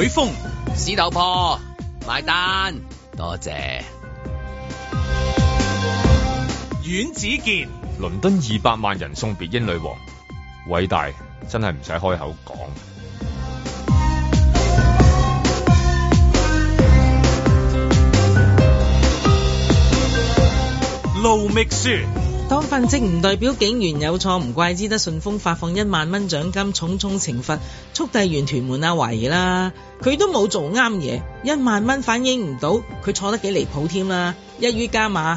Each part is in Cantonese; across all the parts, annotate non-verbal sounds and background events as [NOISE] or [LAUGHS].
海風，師頭婆，埋單，多謝。阮子健，倫敦二百萬人送別英女王，偉大，真係唔使開口講。盧覓雪。當份職唔代表警員有錯唔怪之得，順豐發放一萬蚊獎金，重重懲罰，速遞員屯門阿圍啦，佢都冇做啱嘢，一萬蚊反映唔到，佢錯得幾離譜添啦，一於加碼，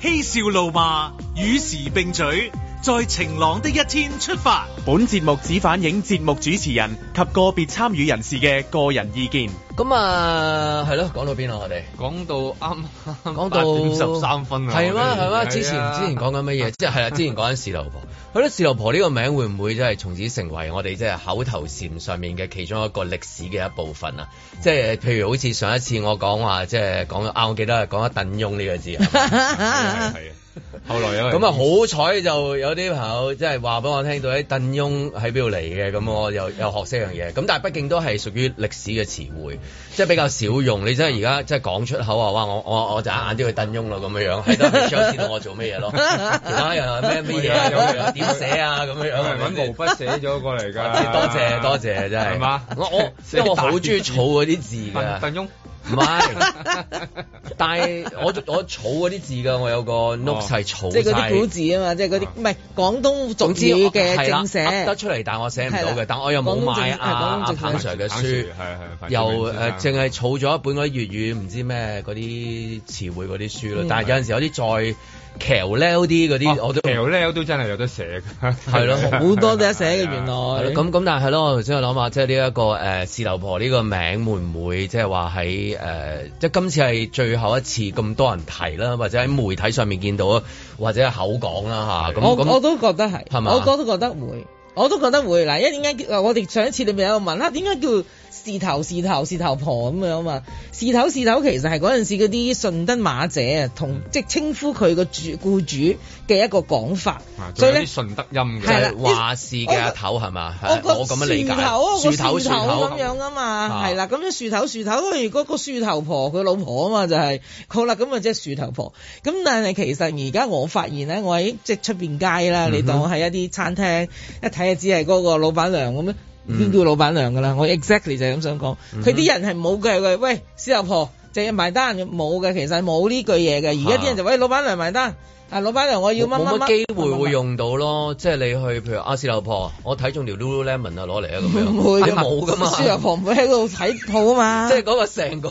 嬉笑怒罵，與時並舉。在晴朗的一天出發。本節目只反映節目主持人及個別參與人士嘅個人意見。咁啊，係咯，講到邊啊？我哋講到啱啱八點十三分啊，係啊，係之前之前講緊乜嘢？即係係啊，之前講緊士多婆。覺得士多婆呢個名會唔會即係從此成為我哋即係口頭禪上面嘅其中一個歷史嘅一部分啊？即 [LAUGHS] 係譬如好似上一次我講話，即係講咗，我記得講咗，鄧庸呢個字啊。 [LAUGHS] [LAUGHS] 後來咁啊，好彩就有啲朋友即係話俾我聽到喺鄧翁喺邊度嚟嘅，咁我又又學識一樣嘢。咁但係畢竟都係屬於歷史嘅詞彙，即係比較少用。你真係而家即係講出口啊！哇，我我我就眼啲去鄧翁咯，咁樣樣係咯，想知道我做咩嘢咯？其他又咩咩嘢，點寫啊？咁樣樣揾 [LAUGHS] 毛筆寫咗過嚟噶。多謝多謝，真係。係嘛？我我因為我好中意草嗰啲字嘅。鄧鄧翁唔 [LAUGHS] 係，但係我我儲嗰啲字㗎，我有個 note 係儲即係嗰啲古字啊嘛，即係嗰啲唔係廣東的總字嘅正寫得出嚟，但係我寫唔到嘅，但我又冇買啊。阿、啊、彭 Sir 嘅書，係係又誒淨係儲咗一本嗰啲粵語唔知咩嗰啲詞彙嗰啲書咯、嗯，但係有陣時有啲再。騎溜啲嗰啲，我騎溜都真係有得寫嘅，係咯，好 [LAUGHS] 多都得寫嘅，原來咁咁，但係咯，我頭先又諗下，即係呢一個誒士頭婆呢個名會唔會即係話喺誒即係今次係最後一次咁多人提啦，或者喺媒體上面見到啊，或者係口講啦吓，咁我我都覺得係，係嘛，我都覺得會，我都覺得會嗱，因為點解我哋上一次你咪有個問啦，點解叫？事頭事頭事頭婆咁樣啊嘛，事頭事頭其實係嗰陣時嗰啲順德馬姐啊，同即係稱呼佢個主雇主嘅一個講法，所以啲順德音嘅話事嘅阿頭係嘛，我咁樣理解，樹頭樹頭咁樣啊嘛，係、啊、啦，咁樣樹頭樹頭，如果、哎嗰個樹頭婆佢老婆啊嘛就係好啦，咁啊即係樹頭婆，咁、就是、但係其實而家我發現咧，我喺即係出邊街啦，你當我喺一啲餐廳、嗯、一睇啊，只係嗰個老闆娘咁樣。邊、嗯、叫老闆娘噶啦？我 exactly 就係咁想講，佢、嗯、啲人係冇嘅喂，事頭婆淨係、就是、埋單，冇嘅其實冇呢句嘢嘅。而家啲人就喂老闆娘埋單，啊老闆娘我要乜乜乜，冇乜機會會用到咯。即係你去譬如阿事頭婆，我睇中條 Lululemon 啊，攞嚟啊咁樣，唔會你冇噶嘛？事頭婆唔會喺度睇鋪啊嘛。即係嗰個成個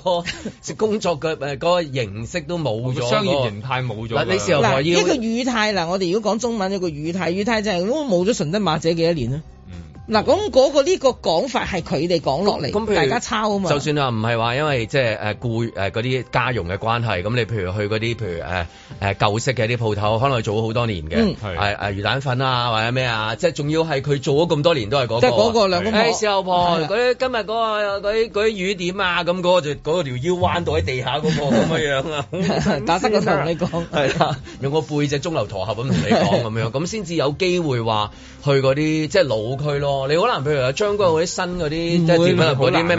工作嘅嗰個形式都冇咗、那個，商業形態冇咗。嗱，你事頭婆要嗱一個語態，嗱我哋如果講中文一個語態，語態就係如果冇咗順德馬姐幾多年咧。嗱，咁、那、嗰個呢個講法係佢哋講落嚟，咁大家抄啊嘛。就算啦唔係話，因為即係誒顧誒嗰啲家用嘅關係，咁你譬如去嗰啲譬如誒誒、呃、舊式嘅啲鋪頭，可能做咗好多年嘅，係、嗯、誒、啊、魚蛋粉啊或者咩啊，即係仲要係佢做咗咁多年都係嗰、那個。即嗰個兩公婆嗰啲、哎，今日嗰、那個嗰啲啲魚點啊，咁、那、嗰個就嗰、那個、條腰彎到喺地下嗰、那個咁 [LAUGHS] 那樣 [LAUGHS] 那樣啊！打翻我同你講，用個背脊中流陀合咁同你講咁樣，咁先至有機會話去嗰啲即老區咯。哦，你好難，譬如有張哥嗰啲新嗰啲，即係啲咩咩？咩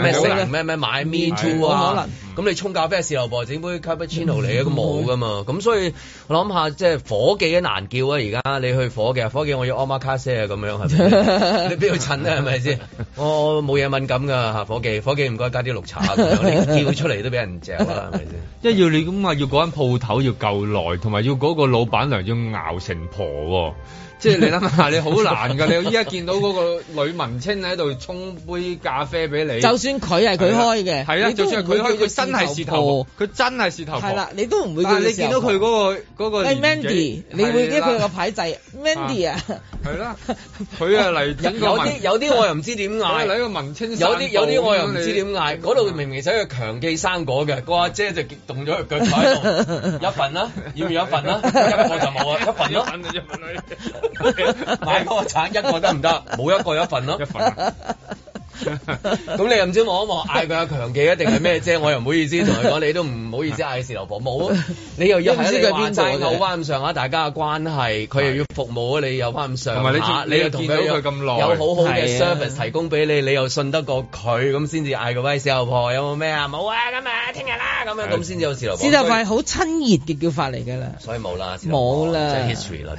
咩、啊啊，買 me too 啊，咁、嗯、你沖咖啡時候，喎，整杯 cappuccino 嚟、嗯、嘅都冇噶嘛，咁、嗯、所以我諗下，即係夥計都難叫啊，而家你去夥計，夥計我要阿媽卡啡啊，咁樣係咪？是不是 [LAUGHS] 你邊要襯啊，係咪先？我冇嘢敏感噶嚇，夥計，夥計唔該加啲綠茶，咁樣 [LAUGHS] 你叫佢出嚟都俾人嚼啦，係咪先？即係要你咁話，要嗰間鋪頭要夠耐，同埋要嗰個老闆娘要熬成婆。 [LAUGHS] 即係你諗下，你好難㗎！你依家見到嗰個女文青喺度沖杯咖啡俾你，就算佢係佢開嘅，係啦，就算佢開佢真係蝕頭，佢真係蝕頭。係啦，你都唔會叫佢。但係你見到佢嗰、嗰個嗰、嗰個哎、Mandy 你會記得佢個牌仔？Mandy 啊，係啦，佢啊嚟。有啲有啲我又唔知點嗌。嚟 [LAUGHS] 個文青生果有啲有啲我又唔知點嗌。嗰度明明寫嘅強記生果嘅個阿姐就動咗佢腳坐喺度。一份啦，要唔要一份啦？一個就冇啦，一份一份。 [LAUGHS] okay. 買個橙一個行唔行 [LAUGHS] 一個一、啊，一個得唔得？冇一個一份咯，一份。咁 [LAUGHS] 你暗中望一望，嗌佢阿強記一定係咩啫？ [LAUGHS] 我又唔好意思同佢講，你都唔好意思嗌事頭婆冇。有 [LAUGHS] 你又要喺你還債勾上啊，大家嘅關係，佢又要服務你又翻唔上同埋你又見到佢咁耐，有好好嘅 service、啊、提供俾你，你又信得過佢，咁先至嗌個威事頭婆。有冇咩啊？冇啊！今日聽日啦，咁樣咁先至有事頭婆。事頭婆係好親熱嘅叫法嚟㗎啦，所以冇啦，冇啦，history 啦，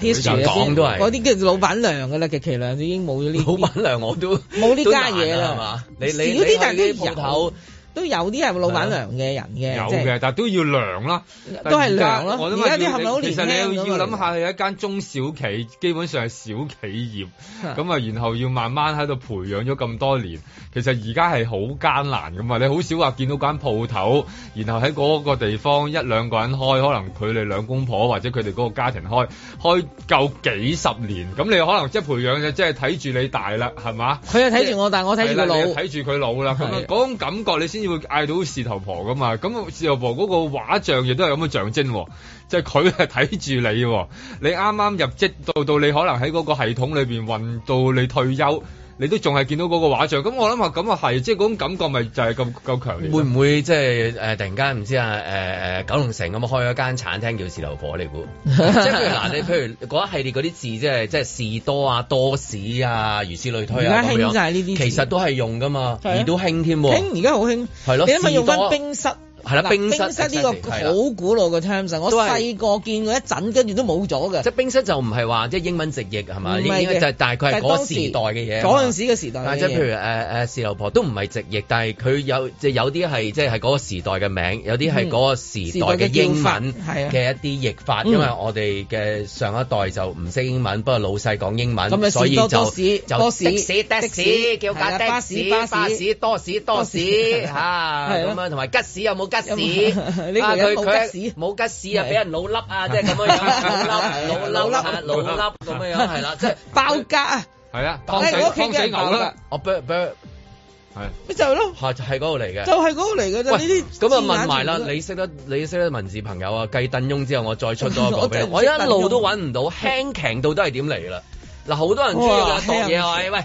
講都係嗰啲叫老闆娘㗎啦，極其量已經冇咗呢。老闆娘我都冇呢家嘢啦。係嘛？你你你啲鋪頭。都有啲係老闆娘嘅人嘅，就是，有嘅，但係都要娘啦，都係娘咯。而家啲冚 𠰻 年輕，其實你要諗下，佢、那個、一間中小企，基本上係小企業，咁啊，然後要慢慢喺度培養咗咁多年，其實而家係好艱難噶嘛。你好少話見到間鋪頭，然後喺嗰個地方一兩個人開，可能佢哋兩公婆或者佢哋嗰個家庭開，開夠幾十年，咁你可能即係培養，就即係睇住你大啦，係嘛？佢又睇住我， [LAUGHS] 但我睇住佢老，睇住佢老啦。咁啊，嗰種感覺你先。會嗌到事頭婆噶嘛？咁事頭婆嗰個畫像亦都係咁嘅象徵喎，即係佢係睇住你喎。你啱啱入職到到你可能喺嗰個系統裏邊運到你退休。你都仲係見到嗰個畫像，咁我諗下咁啊係，即係嗰種感覺咪就係咁咁強烈。會唔會即係誒突然間唔知啊誒、呃、九龍城咁開咗間茶餐廳叫士流火」你，你估？即係嗱，你譬如嗰一系列嗰啲字，即係即係士多啊、多士啊，如此類推啊咁樣。而家興就係呢啲，其實都係用㗎嘛、啊，而都興添喎。興而家好興，點解咪用翻冰室？係啦，冰室呢個好古老嘅 terms，我細個見過一陣，跟住都冇咗嘅。即、就是、冰室就唔係話，即、就、係、是、英文直譯，係嘛？唔係就是、大概係嗰個時代嘅嘢。嗰陣時嘅時，時代嘅即係譬如誒誒事頭婆都唔係直譯，但係佢有即係有啲係即係係嗰個時代嘅名，有啲係嗰個時代嘅英文嘅一啲譯法，嗯法嗯。因為我哋嘅上一代就唔識英文，不過老細講英文，咁咪士多士多士，士，士，士，士的士叫架的士巴士，巴士，巴士多士多士嚇咁 [LAUGHS] 啊，同埋吉士有冇吉？有有你吉屎啊！佢佢冇吉屎，冇吉屎啊！俾人老笠啊！即係咁樣樣， [LAUGHS] 老笠老笠老笠咁樣樣，係啦，即係包家、家。係啊，係仔啦！我 bear 係就係咯？係嗰度嚟嘅，就係嗰度嚟嘅啫。咁、就、啊、是，就是、問埋啦，你識得你識得文字朋友啊？繼燈翁之後，我再出多一個俾你。我，我一路都揾唔到輕強到底係點嚟啦？嗱，好多人中意嘢，喂。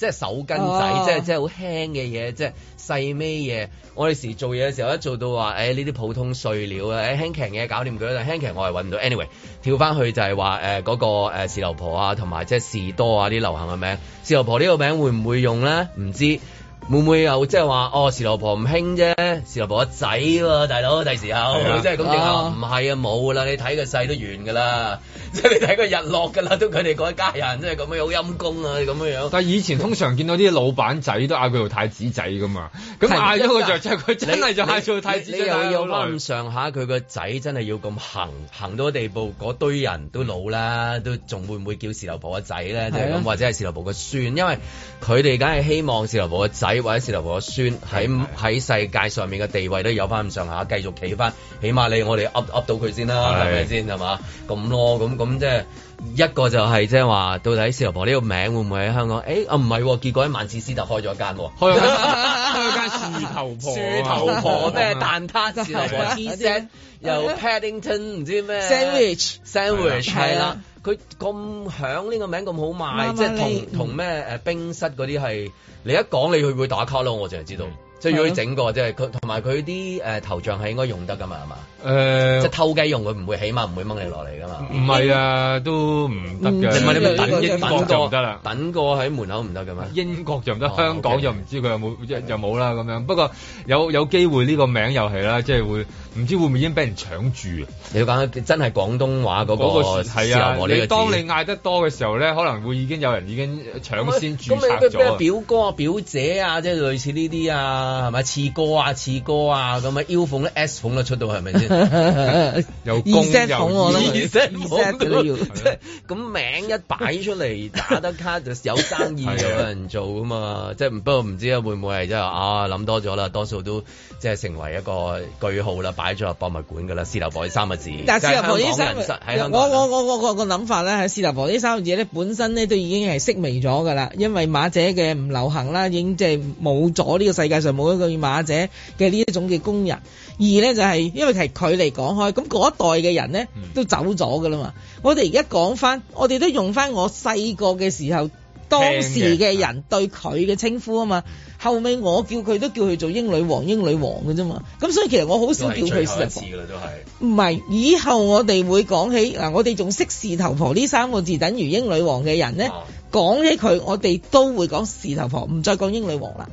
即係手巾仔、oh.，即係即係好輕嘅嘢，即係細咩嘢。我哋時做嘢嘅時候，一做到話，誒呢啲普通碎料啊，誒、哎、輕騎嘢搞掂佢。但輕輕騎我係揾唔到。anyway，跳翻去就係話嗰個、呃、士頭婆啊，同埋即係士多啊啲流行嘅名。士頭婆呢個名會唔會用咧？唔知。會唔會又即係話哦？士羅婆唔興啫，士羅婆個仔喎，大佬第時候即係咁唔係啊，冇噶啦，你睇個世都完噶啦，即、嗯、係 [LAUGHS] 你睇個日落噶啦，都佢哋嗰一家人即係咁樣好陰功啊，咁樣樣。但係以前通常見到啲老闆仔都嗌佢做太子仔噶嘛，咁嗌咗個就之後，佢、啊、真係就嗌做太子仔啦。咁上下佢個仔真係要咁行行到地步，嗰堆人都老啦，都仲會唔會叫士羅婆個仔咧？即係咁，或者係士羅婆個孫，因為佢哋梗係希望士羅婆個仔。喺或者事頭婆嘅孫喺喺世界上面嘅地位都有翻咁上下，繼續企翻，起碼你我哋噏噏到佢先啦，係咪先係嘛？咁咯，咁咁即係。一個就係即係話，到底四頭婆呢個名會唔會喺香港？誒、欸、啊，唔係、啊，結果喺曼徹斯特開咗一間喎、啊，開咗間四頭婆，四頭婆咩蛋撻四頭婆 pizza 又 Paddington 唔知咩 sandwich，sandwich 係啦，佢咁、啊啊啊啊、響呢、呢個名咁好賣，媽媽即係同同咩誒冰室嗰啲係，你一講你去會打卡咯，我淨係知道。即係如果整過，即係佢同埋佢啲誒頭像係應該用得噶嘛，係嘛？誒、呃，即係偷雞用佢唔會，起碼唔會掹你落嚟噶嘛。唔、呃、係啊，都唔得噶。唔係你等英國就唔得啦，等過喺門口唔得噶嘛。英國就唔得、哦，香港就唔知佢有冇，又、嗯、冇啦咁樣。不過有有機會呢個名又係啦，即、就、係、是、會。唔知會唔會已經俾人搶住？你要講真係廣東話嗰個時候，你當你嗌得多嘅時候呢，可能會已經有人已經搶先註冊咗。咁咩表哥啊、表姐啊，即係類似呢啲啊，係咪？次哥啊、次哥啊，咁腰 phone 咧、S phone 啦，出到係咪先？有工有二 set，二 set 都要。咁名一擺出嚟，打得卡就有生意，有個人做㗎嘛。即係不過唔知會唔會係即係啊諗多咗啦，多數都即係成為一個句號啦。擺咗喺博物館噶啦，獅頭婆呢三個字。但係獅頭婆呢三，就是、我我我我個個諗法咧喺獅頭婆呢三個字咧，本身咧都已經係式微咗噶啦，因為馬姐嘅唔流行啦，已經即係冇咗呢個世界上冇一個馬姐嘅呢一種嘅工人。二咧就係、是、因為係佢嚟講開，咁、那、嗰、個、一代嘅人咧都走咗噶啦嘛。我哋而家講翻，我哋都用翻我細個嘅時候。當時嘅人對佢嘅稱呼啊嘛，後尾我叫佢都叫佢做英女王、英女王嘅啫嘛，咁所以其實我好少叫佢事頭婆。唔係，以後我哋會講起嗱、啊，我哋仲識事頭婆呢三個字等於英女王嘅人呢，啊、講起佢我哋都會講事頭婆，唔再講英女王啦。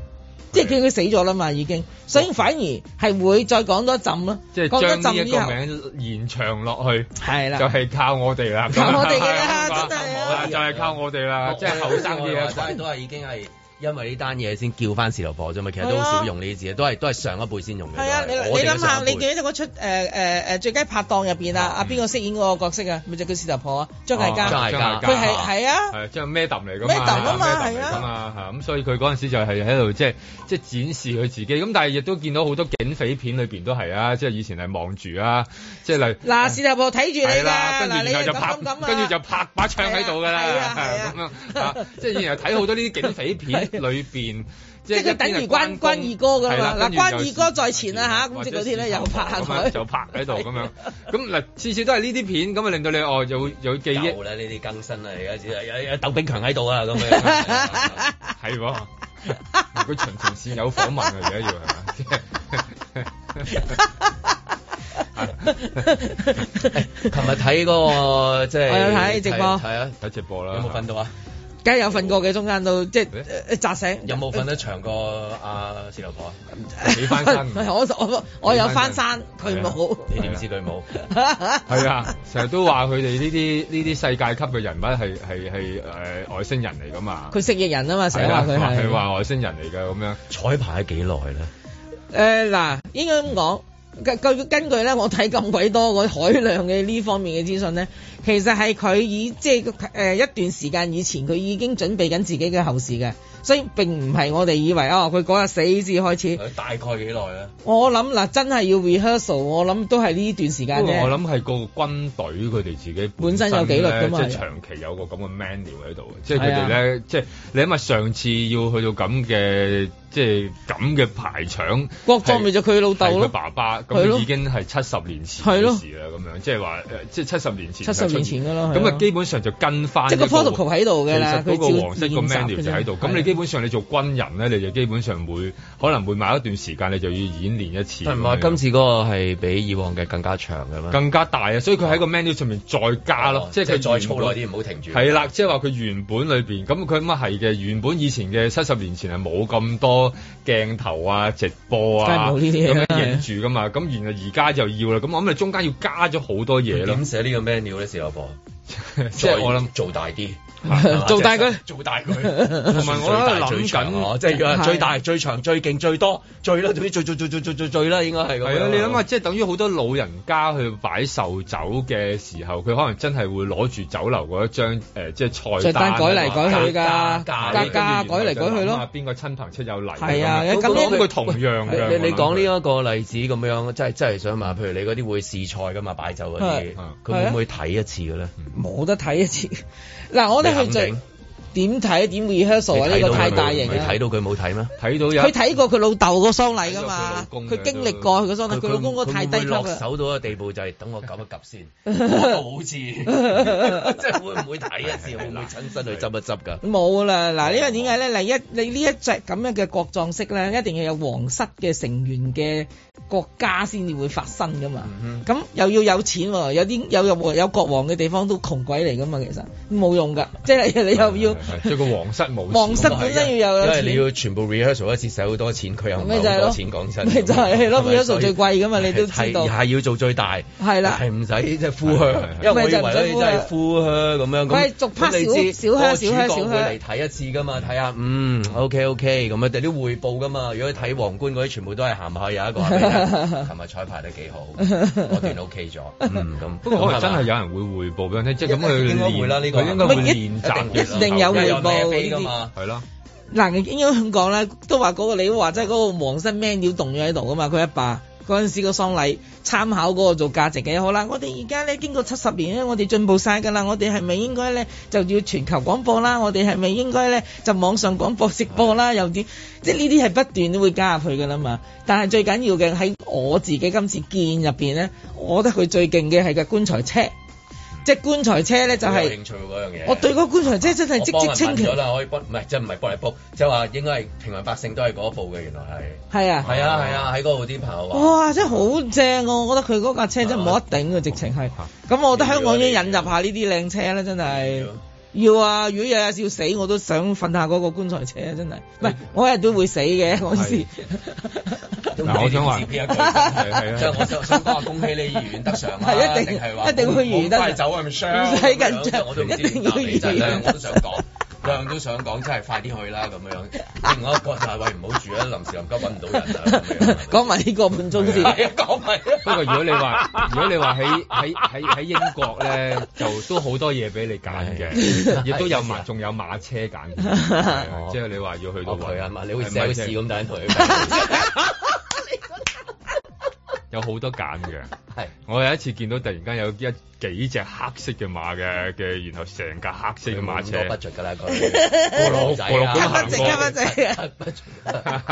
是即係見佢死咗啦嘛，已經。所以反而係會再講多一陣咯、哦。即係將呢一個名延長落去，係啦，就係靠我哋啦，靠我哋嘅啦，真係、啊，就係、是、靠我哋啦，即係後生啲嘅， [LAUGHS] 的都係已經係。因為呢單嘢先叫返士頭婆咋嘛，其實都好少用呢啲字，都係都係上一輩先用嘅。係啊，你諗下，你記得嗰出誒誒誒最佳拍檔入面啊？邊、啊、個、嗯、飾演嗰個角色是是、哦、啊？咪就叫士頭婆張艾嘉，佢係係啊，係張咩揼嚟㗎？咩揼㗎嘛？係啊，咁、啊啊、所以佢嗰陣時就係喺度即係即係展示佢自己。咁但係亦都見到好多警匪片裏面都係、就是就是、啊，即係以前係望住啊，即係嚟嗱士頭婆睇住你啦，跟、啊、住就拍，跟住就拍把槍喺度㗎啦，即係然後睇好多呢啲警匪片。裏邊即係佢等於關關二哥噶啦嘛，嗱關二哥在前啦，啊、吓，咁、啊、即係嗰啲咧又拍就拍喺度咁樣，咁嗱至少都係呢啲片，咁啊令到你哦有有記憶啦呢啲更新啊，而家有有有鄧炳強喺度啊咁樣，係喎， [LAUGHS] 如果秦瓊綫有訪問啊而家要係嘛？琴日睇嗰個即係我有睇直播，係啊睇直播啦，有冇瞓到啊？梗係有瞓過嘅，中間都即係扎、欸呃、醒。有冇瞓得、呃呃呃、長過阿四老婆你翻身，我我有翻山，佢冇。你點知佢冇？係啊，成日、啊、 [LAUGHS] 都話佢哋呢啲呢啲世界級嘅人物係係係誒外星人嚟噶嘛？佢蜥蜴人啊嘛，成日話佢係話外星人嚟㗎咁樣。彩排幾耐咧？誒、呃、嗱，應該咁講，根據咧，我睇咁鬼多嗰海量嘅呢方面嘅資訊咧。其實係佢以即係誒、呃、一段時間以前，佢已經準備緊自己嘅後事嘅，所以並唔係我哋以為哦，佢嗰日死至開始。大概幾耐咧？我諗嗱，真係要 rehearsal，我諗都係呢段時間的。我諗係個軍隊佢哋自己本身，本身有紀律噶嘛，即係長期有個咁嘅 manual 喺度，即係佢哋咧，即係你諗下上次要去到咁嘅，即係咁嘅排場，國葬咪就佢老豆佢爸爸咁已經係七、呃、七十年前嘅事啦，咁樣即係話，即係七十年前。咁啊，基本上就跟翻即個 protocol 喺度嘅啦。嗰個黃色個 menu 就喺度。咁你基本上你做軍人咧，你就基本上會可能會買一段時間，你就要演練一次。唔係今次嗰個係比以往嘅更加長㗎咩？更加大啊！所以佢喺個 menu 上面再加咯，嗯、即係再長耐啲，唔好停住。係啦，即係話佢原本裏面，咁，佢乜啊係嘅。原本以前嘅七十年前係冇咁多鏡頭啊、直播啊、咁、啊、樣影住噶嘛。咁原來而家就要啦。咁我諗你中間要加咗好多嘢咯。咁寫個 menu 呢個 menu 嘅時候？即係我諗做大啲。做大佢，做大佢，同埋 [LAUGHS] 我喺度諗緊，即係最大，最、啊就是是最大、最長、最勁、最多、最啦，總最最最最最最，最，最，最最最最最最啦，應該係。係你諗下，即、就、係、是、等於好多老人家去擺壽酒嘅時候，佢可能真係會攞住酒樓嗰一張誒，即、呃、係菜，菜單改嚟改，改、啊、改，改，改，改，改，改，改去改，價價改嚟改去咯。邊個親朋戚友嚟？係啊，咁講同樣嘅，你講呢一個例子咁樣，即係真係想話，譬如你嗰啲會試菜噶嘛？擺酒嗰啲，佢會唔會睇一次嘅咧？冇得睇一次。嗱，我哋去最點睇點 rehearsal 呢個太大型，你睇到佢冇睇咩？睇到有佢睇過佢老豆個喪禮噶嘛？佢經歷過佢個喪禮，佢老公個太低落。啦！落手到嘅地步就係、是、等我撳一撳先，冇字，即 [LAUGHS] 係 [LAUGHS] [LAUGHS] 會唔會睇一次？ [LAUGHS] 會唔會親身去執一執噶？冇 [LAUGHS] 啦！嗱，呢個點解咧？你一你呢一隻咁樣嘅國葬式咧，一定要有皇室嘅成員嘅。國家先至會發生㗎嘛，咁、嗯、又要有錢、啊，有啲有有國王嘅地方都窮鬼嚟㗎嘛，其實冇用㗎，即、就、係、是、你又要 [LAUGHS] 對對對，即係個皇室 [LAUGHS] 王室冇，皇室本身要有，即 [LAUGHS] 係你要全部 rehearsal 一次使好多錢，佢又冇咁多錢講真，咪 [LAUGHS] [LAUGHS] 就咯、是、，rehearsal [LAUGHS] 最貴㗎嘛，你都知道，要做最大，係啦，係唔使即係呼靴， [LAUGHS] [LAUGHS] 因為，我以為你真係敷靴咁樣，我係逐拍少少嚟睇一次㗎嘛，睇下嗯 OK OK，咁啊啲彙報㗎嘛，如果睇皇冠嗰啲全部都係鹹下。有一個。琴 [LAUGHS] 日彩排得幾好，我電腦 OK 咗。咁、嗯、不過可能真係有人會匯報俾人聽，即係咁佢會啦，呢、這個應該會，嘅啦。一定有匯報呢啲，係咯。嗱，你應該咁講咧，都話嗰、那個你話，即係嗰個黃新咩鳥動咗喺度啊嘛，佢阿爸嗰陣時個喪禮。參考嗰個做價值幾好啦，我哋而家咧經過七十年咧，我哋進步晒㗎啦，我哋係咪應該咧就要全球廣播啦？我哋係咪應該咧就網上廣播直播啦？又點即係呢啲係不斷都會加入去㗎啦嘛。但係最緊要嘅喺我自己今次見入面咧，我覺得佢最勁嘅係個棺材車。即棺材車咧就係、是，我對嗰棺材車真係積積清清咗啦，可以幫唔係即係唔係幫你 book，就話應該係平民百姓都係嗰一部嘅原來係，係啊，係啊，喺嗰度啲朋友話，哇、啊喔，真係好正喎、啊！我覺得佢嗰架車真係冇得頂嘅，直情係。咁、 [LAUGHS] 啊啊、我覺得香港已經引入下呢啲靚車啦，真係要，要啊！如果有日要死，我都想瞓下嗰個棺材車啊！真係，唔係我一日都會死嘅，我意、啊 [LAUGHS] 我想接編一句， [LAUGHS] 我想想恭喜你醫院得上、啊。一定係話一定會完得。會快走啊，唔唔使緊張，我都唔知點解。我都想講， [LAUGHS] 量都想講，真係快啲去啦咁樣 [LAUGHS] 另外一個大位唔好住啊，臨時臨急揾唔到人啊，講埋呢個半鐘先，講埋。不過如果你話如果你話喺喺喺喺英國咧，就都好多嘢俾你揀嘅，亦都有馬，仲有馬車揀。即係你話要去到，你會試咁等陣同佢。有好多揀嘅，係 [LAUGHS] 我有一次見到突然間有一幾隻黑色嘅馬嘅，嘅然後成架黑色嘅馬車， [LAUGHS] 哦、不噶啦、啊，咁都,、啊啊 [LAUGHS] 行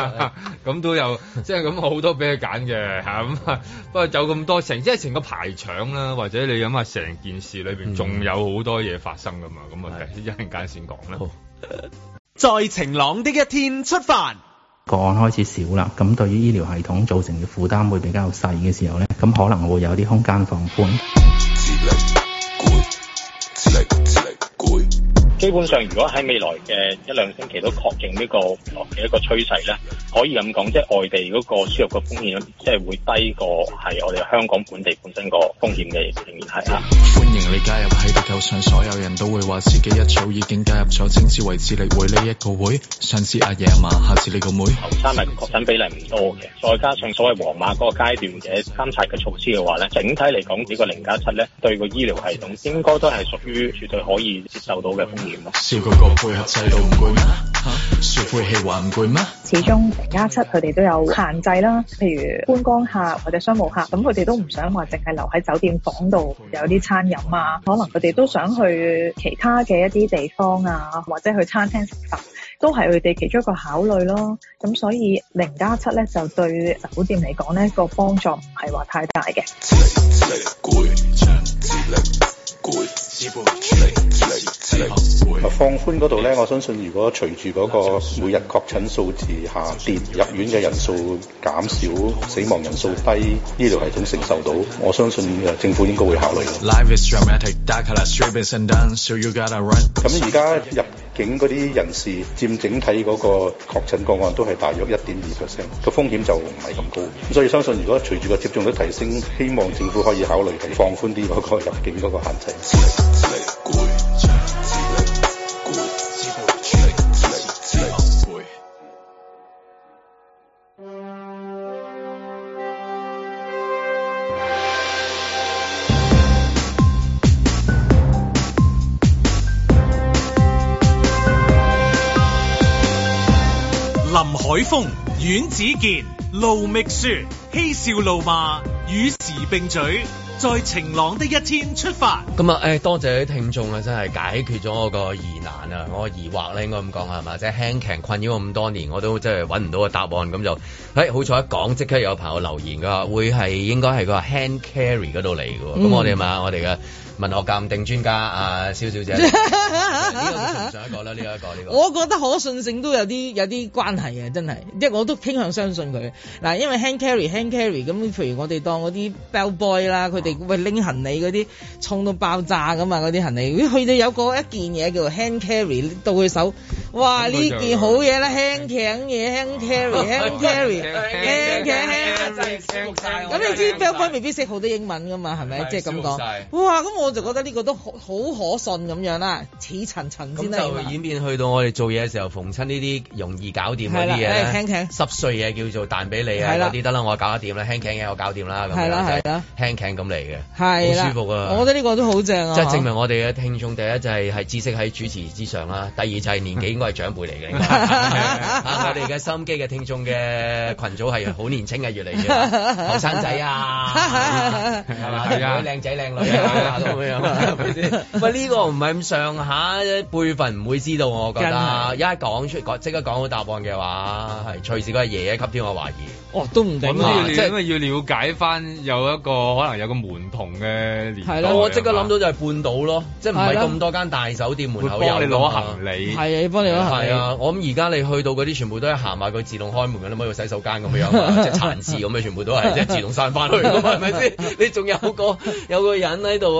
啊、 [LAUGHS] [LAUGHS] [LAUGHS] 都有，就是、 [LAUGHS] [LAUGHS] 有即係咁好多俾佢揀嘅吓咁，不過有咁多成即係成個排場啦， [LAUGHS] 或者你諗下成件事裏邊仲有好多嘢發生噶嘛，咁啊一陣間先講啦。在 [LAUGHS] 好 [LAUGHS] 晴朗的一天出發。個案開始少啦，咁對於醫療系統造成嘅負擔會比較細嘅時候咧，咁可能會有啲空間放寬。基本上，如果喺未來嘅一兩星期都確認呢個嘅一個趨勢咧，可以咁講，即係外地嗰個輸入嘅風險，即係會低過係我哋香港本地本身個風險嘅，仍然係吓。歡迎你加入喺地球上，所有人都會話自己一早已經加入咗英超維持力會呢一個會。上次阿爺阿嫲，下次你個妹。頭三日確診比例唔多嘅，再加上所謂黃碼嗰個階段嘅監察嘅措施嘅話咧，整體嚟講，呢個零加七咧，對個醫療系統應該都係屬於絕對可以接受到嘅風險。笑個個配合制度唔攰嗎？嚇，說謊話唔攰咩？始終零加七佢哋都有限制啦，譬如觀光客或者商務客，咁佢哋都唔想話淨係留喺酒店房度有啲餐飲啊，可能佢哋都想去其他嘅一啲地方啊，或者去餐廳食飯，都係佢哋其中一個考慮咯。咁所以零加七咧就對酒店嚟講咧，個幫助唔係話太大嘅。.放寬嗰度咧，我相信如果隨住嗰個每日確診數字下跌，入院嘅人數減少，死亡人數低，醫療系統承受到，我相信誒政府應該會考慮。咁而家入境嗰啲人士占整體嗰個確診個案都係大約一點二 percent，個風險就唔係咁高。咁所以相信如果隨住個接種率提升，希望政府可以考慮放寬啲嗰個入境嗰個限制。海風，阮子健、盧覓雪，嬉笑怒罵與時並舉，在晴朗的一天出發。咁啊，誒，多謝啲聽眾啊，真係解決咗我個疑難啊，我個疑惑咧，應該咁講係嘛？即係 hand carry 困擾咁多年，我都真係搵唔到個答案，咁就誒，哎、好彩一講即刻有朋友留言，佢話會係應該係個 hand carry 嗰度嚟嘅。咁、嗯、我哋咪我哋嘅。文學鑑定專家啊，蕭小，小姐，呢 [LAUGHS] 呢個、上一個啦，呢個一個呢個。 [LAUGHS] 我覺得可信性都有啲有啲關係嘅，真係，即係我都傾向相信佢。嗱，因為 Ori, boy,、啊、carry, hand, can, hand carry hand carry，咁譬如我哋當嗰啲 bell boy 啦，佢哋喂拎行李嗰啲，衝到爆炸咁嘛。嗰啲行李，咦，去到有個一件嘢叫做 hand carry 到佢手，哇，呢件好嘢啦，hand carry，hand carry，hand carry，hand carry，咁你知 Kak... bell boy 未必識好多英文噶嘛，係咪？即係咁講。哇，咁我。我就覺得呢個都好可信咁樣啦，似層層先啦。咁就演變去到我哋做嘢嘅時候，逢親呢啲容易搞掂嗰啲嘢咧，對 hang hang。濕碎嘢叫做彈俾你啊！嗰啲得啦，我搞得掂啦，輕輕嘅我搞掂啦，咁、就是就是、樣就係啦，輕輕咁嚟嘅，好舒服啊！我覺得呢個都好正啊！即、就、係、是、證明我哋嘅聽眾，第一就係係知識喺主持之上啦，第二就係年紀應該係長輩嚟嘅。 [LAUGHS] [LAUGHS] 我哋嘅心機嘅聽眾嘅群組係好年輕嘅，越嚟越後生仔啊，係 [LAUGHS] 啊 [LAUGHS] 靚仔靚女咁樣係咪先？喂，呢個唔係咁上下輩份唔會知道，我覺得一講出，即刻講好答案嘅話，係隨時係爺爺級添，我懷疑。哦，都唔定啊！即係咁要了解翻有一個可能有個門童嘅年齡。我即刻諗到就係半島咯，即係唔係咁多間大酒店門口有。幫你攞行李。係，幫你攞。係啊，我諗而家你去到嗰啲全部都係行埋個自動開門嘅，你可以去洗手間咁樣， [LAUGHS] 即係殘廁咁啊！全部都係 [LAUGHS] 即係自動閂翻去，係咪先？你仲有個有個人喺度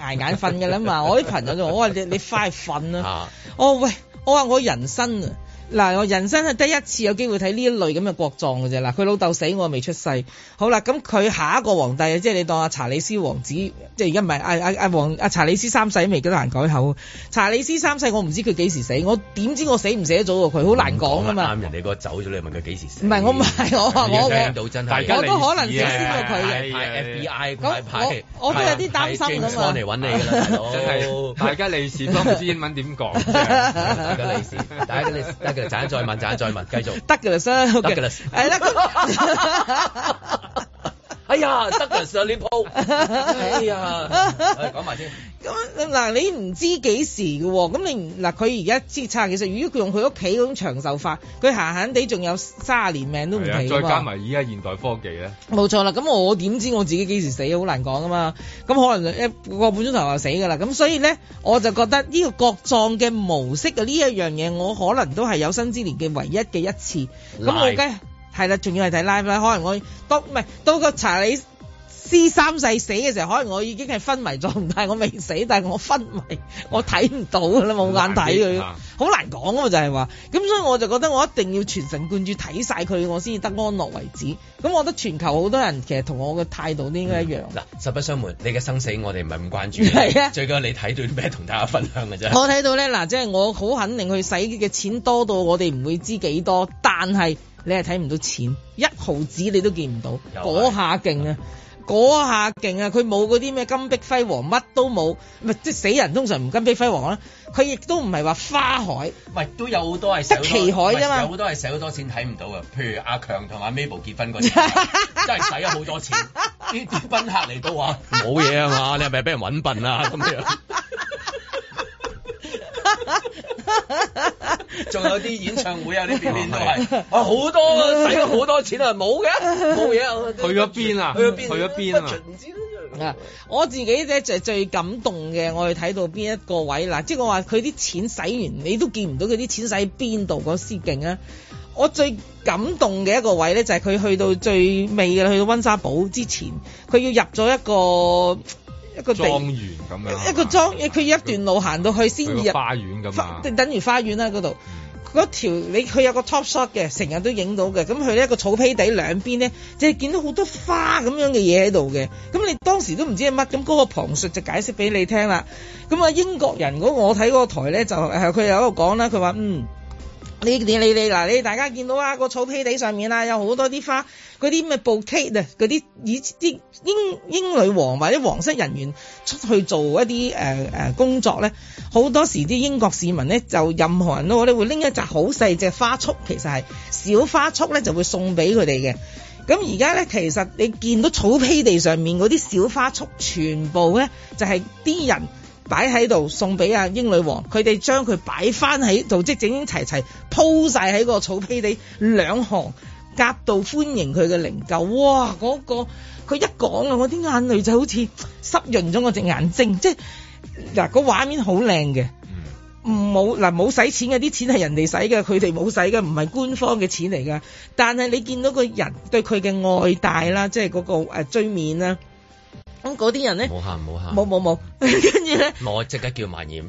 挨眼瞓噶啦嘛，我啲朋友就我話你你快去瞓啦，哦喂我話我人生啊。嗱，我人生係得一次有機會睇呢一類咁嘅國葬嘅啫。嗱，佢老豆死，我未出世。好啦，咁佢下一個皇帝即係你當阿查理斯王子，即係而家唔係阿阿阿王阿查理斯三世未幾難改口。查理斯三世我唔知佢幾時死，我點知我死唔死得早過佢？好難講啊嘛。人哋個走咗你問佢幾時死？唔係我唔係我到真我我我，我都可能早先過佢嘅。我都有啲擔心㗎嘛。嚟揾你㗎啦，就係、大家利是都唔知英文點講。 [LAUGHS] 利是，陣間再問，陣間再問，繼續得㗎啦 Sir，得㗎啦 Sir，係啦。 [LAUGHS] 哎呀，得個上呢鋪。 [LAUGHS] 哎呀，講 [LAUGHS] 埋、哎、先。咁、嗯、嗱，你唔知幾時嘅喎？咁你嗱佢而家測測，其實如果佢用佢屋企嗰種長壽法，佢閒閒地仲有卅年命都唔係啊，再加埋依家現代科技咧。冇錯啦，咁、嗯、我點知我自己幾時死？好難講啊嘛。咁、嗯、可能一個半鐘頭就死噶啦。咁、嗯、所以咧，我就覺得呢個國葬嘅模式啊，呢一樣嘢我可能都係有生之年嘅唯一嘅一次。咁、嗯 like. 嗯、我梗係啦，仲要係睇 live 啦。可能我當唔係到個查理斯三世死嘅時候，可能我已經係昏迷咗，唔但係我未死，但係我昏迷，我睇唔到噶啦，冇眼睇佢，好難講啊、嗯，就是、嘛，就係話咁，所以我就覺得我一定要全神貫注睇晒佢，我先至得安樂為止。咁我覺得全球好多人其實同我嘅態度都應該一樣。嗱、嗯，實不相瞞，你嘅生死我哋唔係咁關注。係啊，最緊要你睇到啲咩同大家分享嘅啫。我睇到咧，嗱，即係我好肯定佢使嘅錢多到我哋唔會知幾多，但係。你係睇唔到錢，一毫紙你都見唔到，嗰下勁啊，嗰下勁啊，佢冇嗰啲咩金碧輝煌，乜都冇，咪即係死人通常唔金碧輝煌啦，佢亦都唔係話花海，唔都有好多係得奇海啫嘛，有好多係使好多錢睇唔到嘅，譬如阿強同阿 Mabel 結婚嗰時， [LAUGHS] 真係使咗好多錢，啲 [LAUGHS] 賓客嚟到話，冇嘢啊嘛，你係咪俾人揾笨啊咁樣？仲 [LAUGHS] 有啲演唱會啊，呢邊都係哇、啊啊，好多使咗好多錢啊，冇嘅，冇嘢，去咗邊啊？去咗邊？去咗邊啊？啊，唔知 [LAUGHS] 我自己咧就最，最感動嘅，我係睇到邊一個位啦，即係我話佢啲錢使完，你都見唔到佢啲錢使喺邊度，嗰絲勁啊！我最感動嘅一個位咧，就係、是、佢去到最尾啦，去到溫莎堡之前，佢要入咗一個。一個莊園咁樣，一個莊園，佢要一段路行到去先入，入花園咁啊，等於花園啦嗰度。嗰、嗯、條你佢有個 top shot 嘅，成日都影到嘅。咁佢呢一個草皮底兩邊咧，就係見到好多花咁樣嘅嘢喺度嘅。咁你當時都唔知係乜，咁嗰個旁述就解釋俾你聽啦。咁啊英國人、嗰個，如果我睇嗰個台咧，就佢有一個講啦，佢話嗯。你你你你嗱，你，你，你，你大家見到啊、個草皮地上面啊有好多啲花，嗰啲咩布契啊，嗰啲以啲英英女皇或者皇室人員出去做一啲誒、呃、工作咧，好多時啲英國市民咧就任何人都會拎一紮好細隻花束，其實係小花束咧就會送俾佢哋嘅。咁而家咧其實你見到草皮地上面嗰啲小花束，全部咧就係、是、啲人。擺喺度送俾阿英女王，佢哋將佢擺翻喺度，即整整齊齊鋪晒喺個草皮地，兩行夾度歡迎佢嘅靈柩。哇！嗰個佢一講啊，我啲眼淚就好似濕潤咗我隻眼睛，即係嗱個畫面好靚嘅，冇嗱冇使錢嘅，啲錢係人哋使嘅，佢哋冇使嘅，唔係官方嘅錢嚟噶。但係你見到個人對佢嘅愛戴啦，即係嗰個誒追緬啦。咁嗰啲人咧，冇吓冇吓，冇冇冇，跟住咧， [LAUGHS] 我即刻叫埋掩。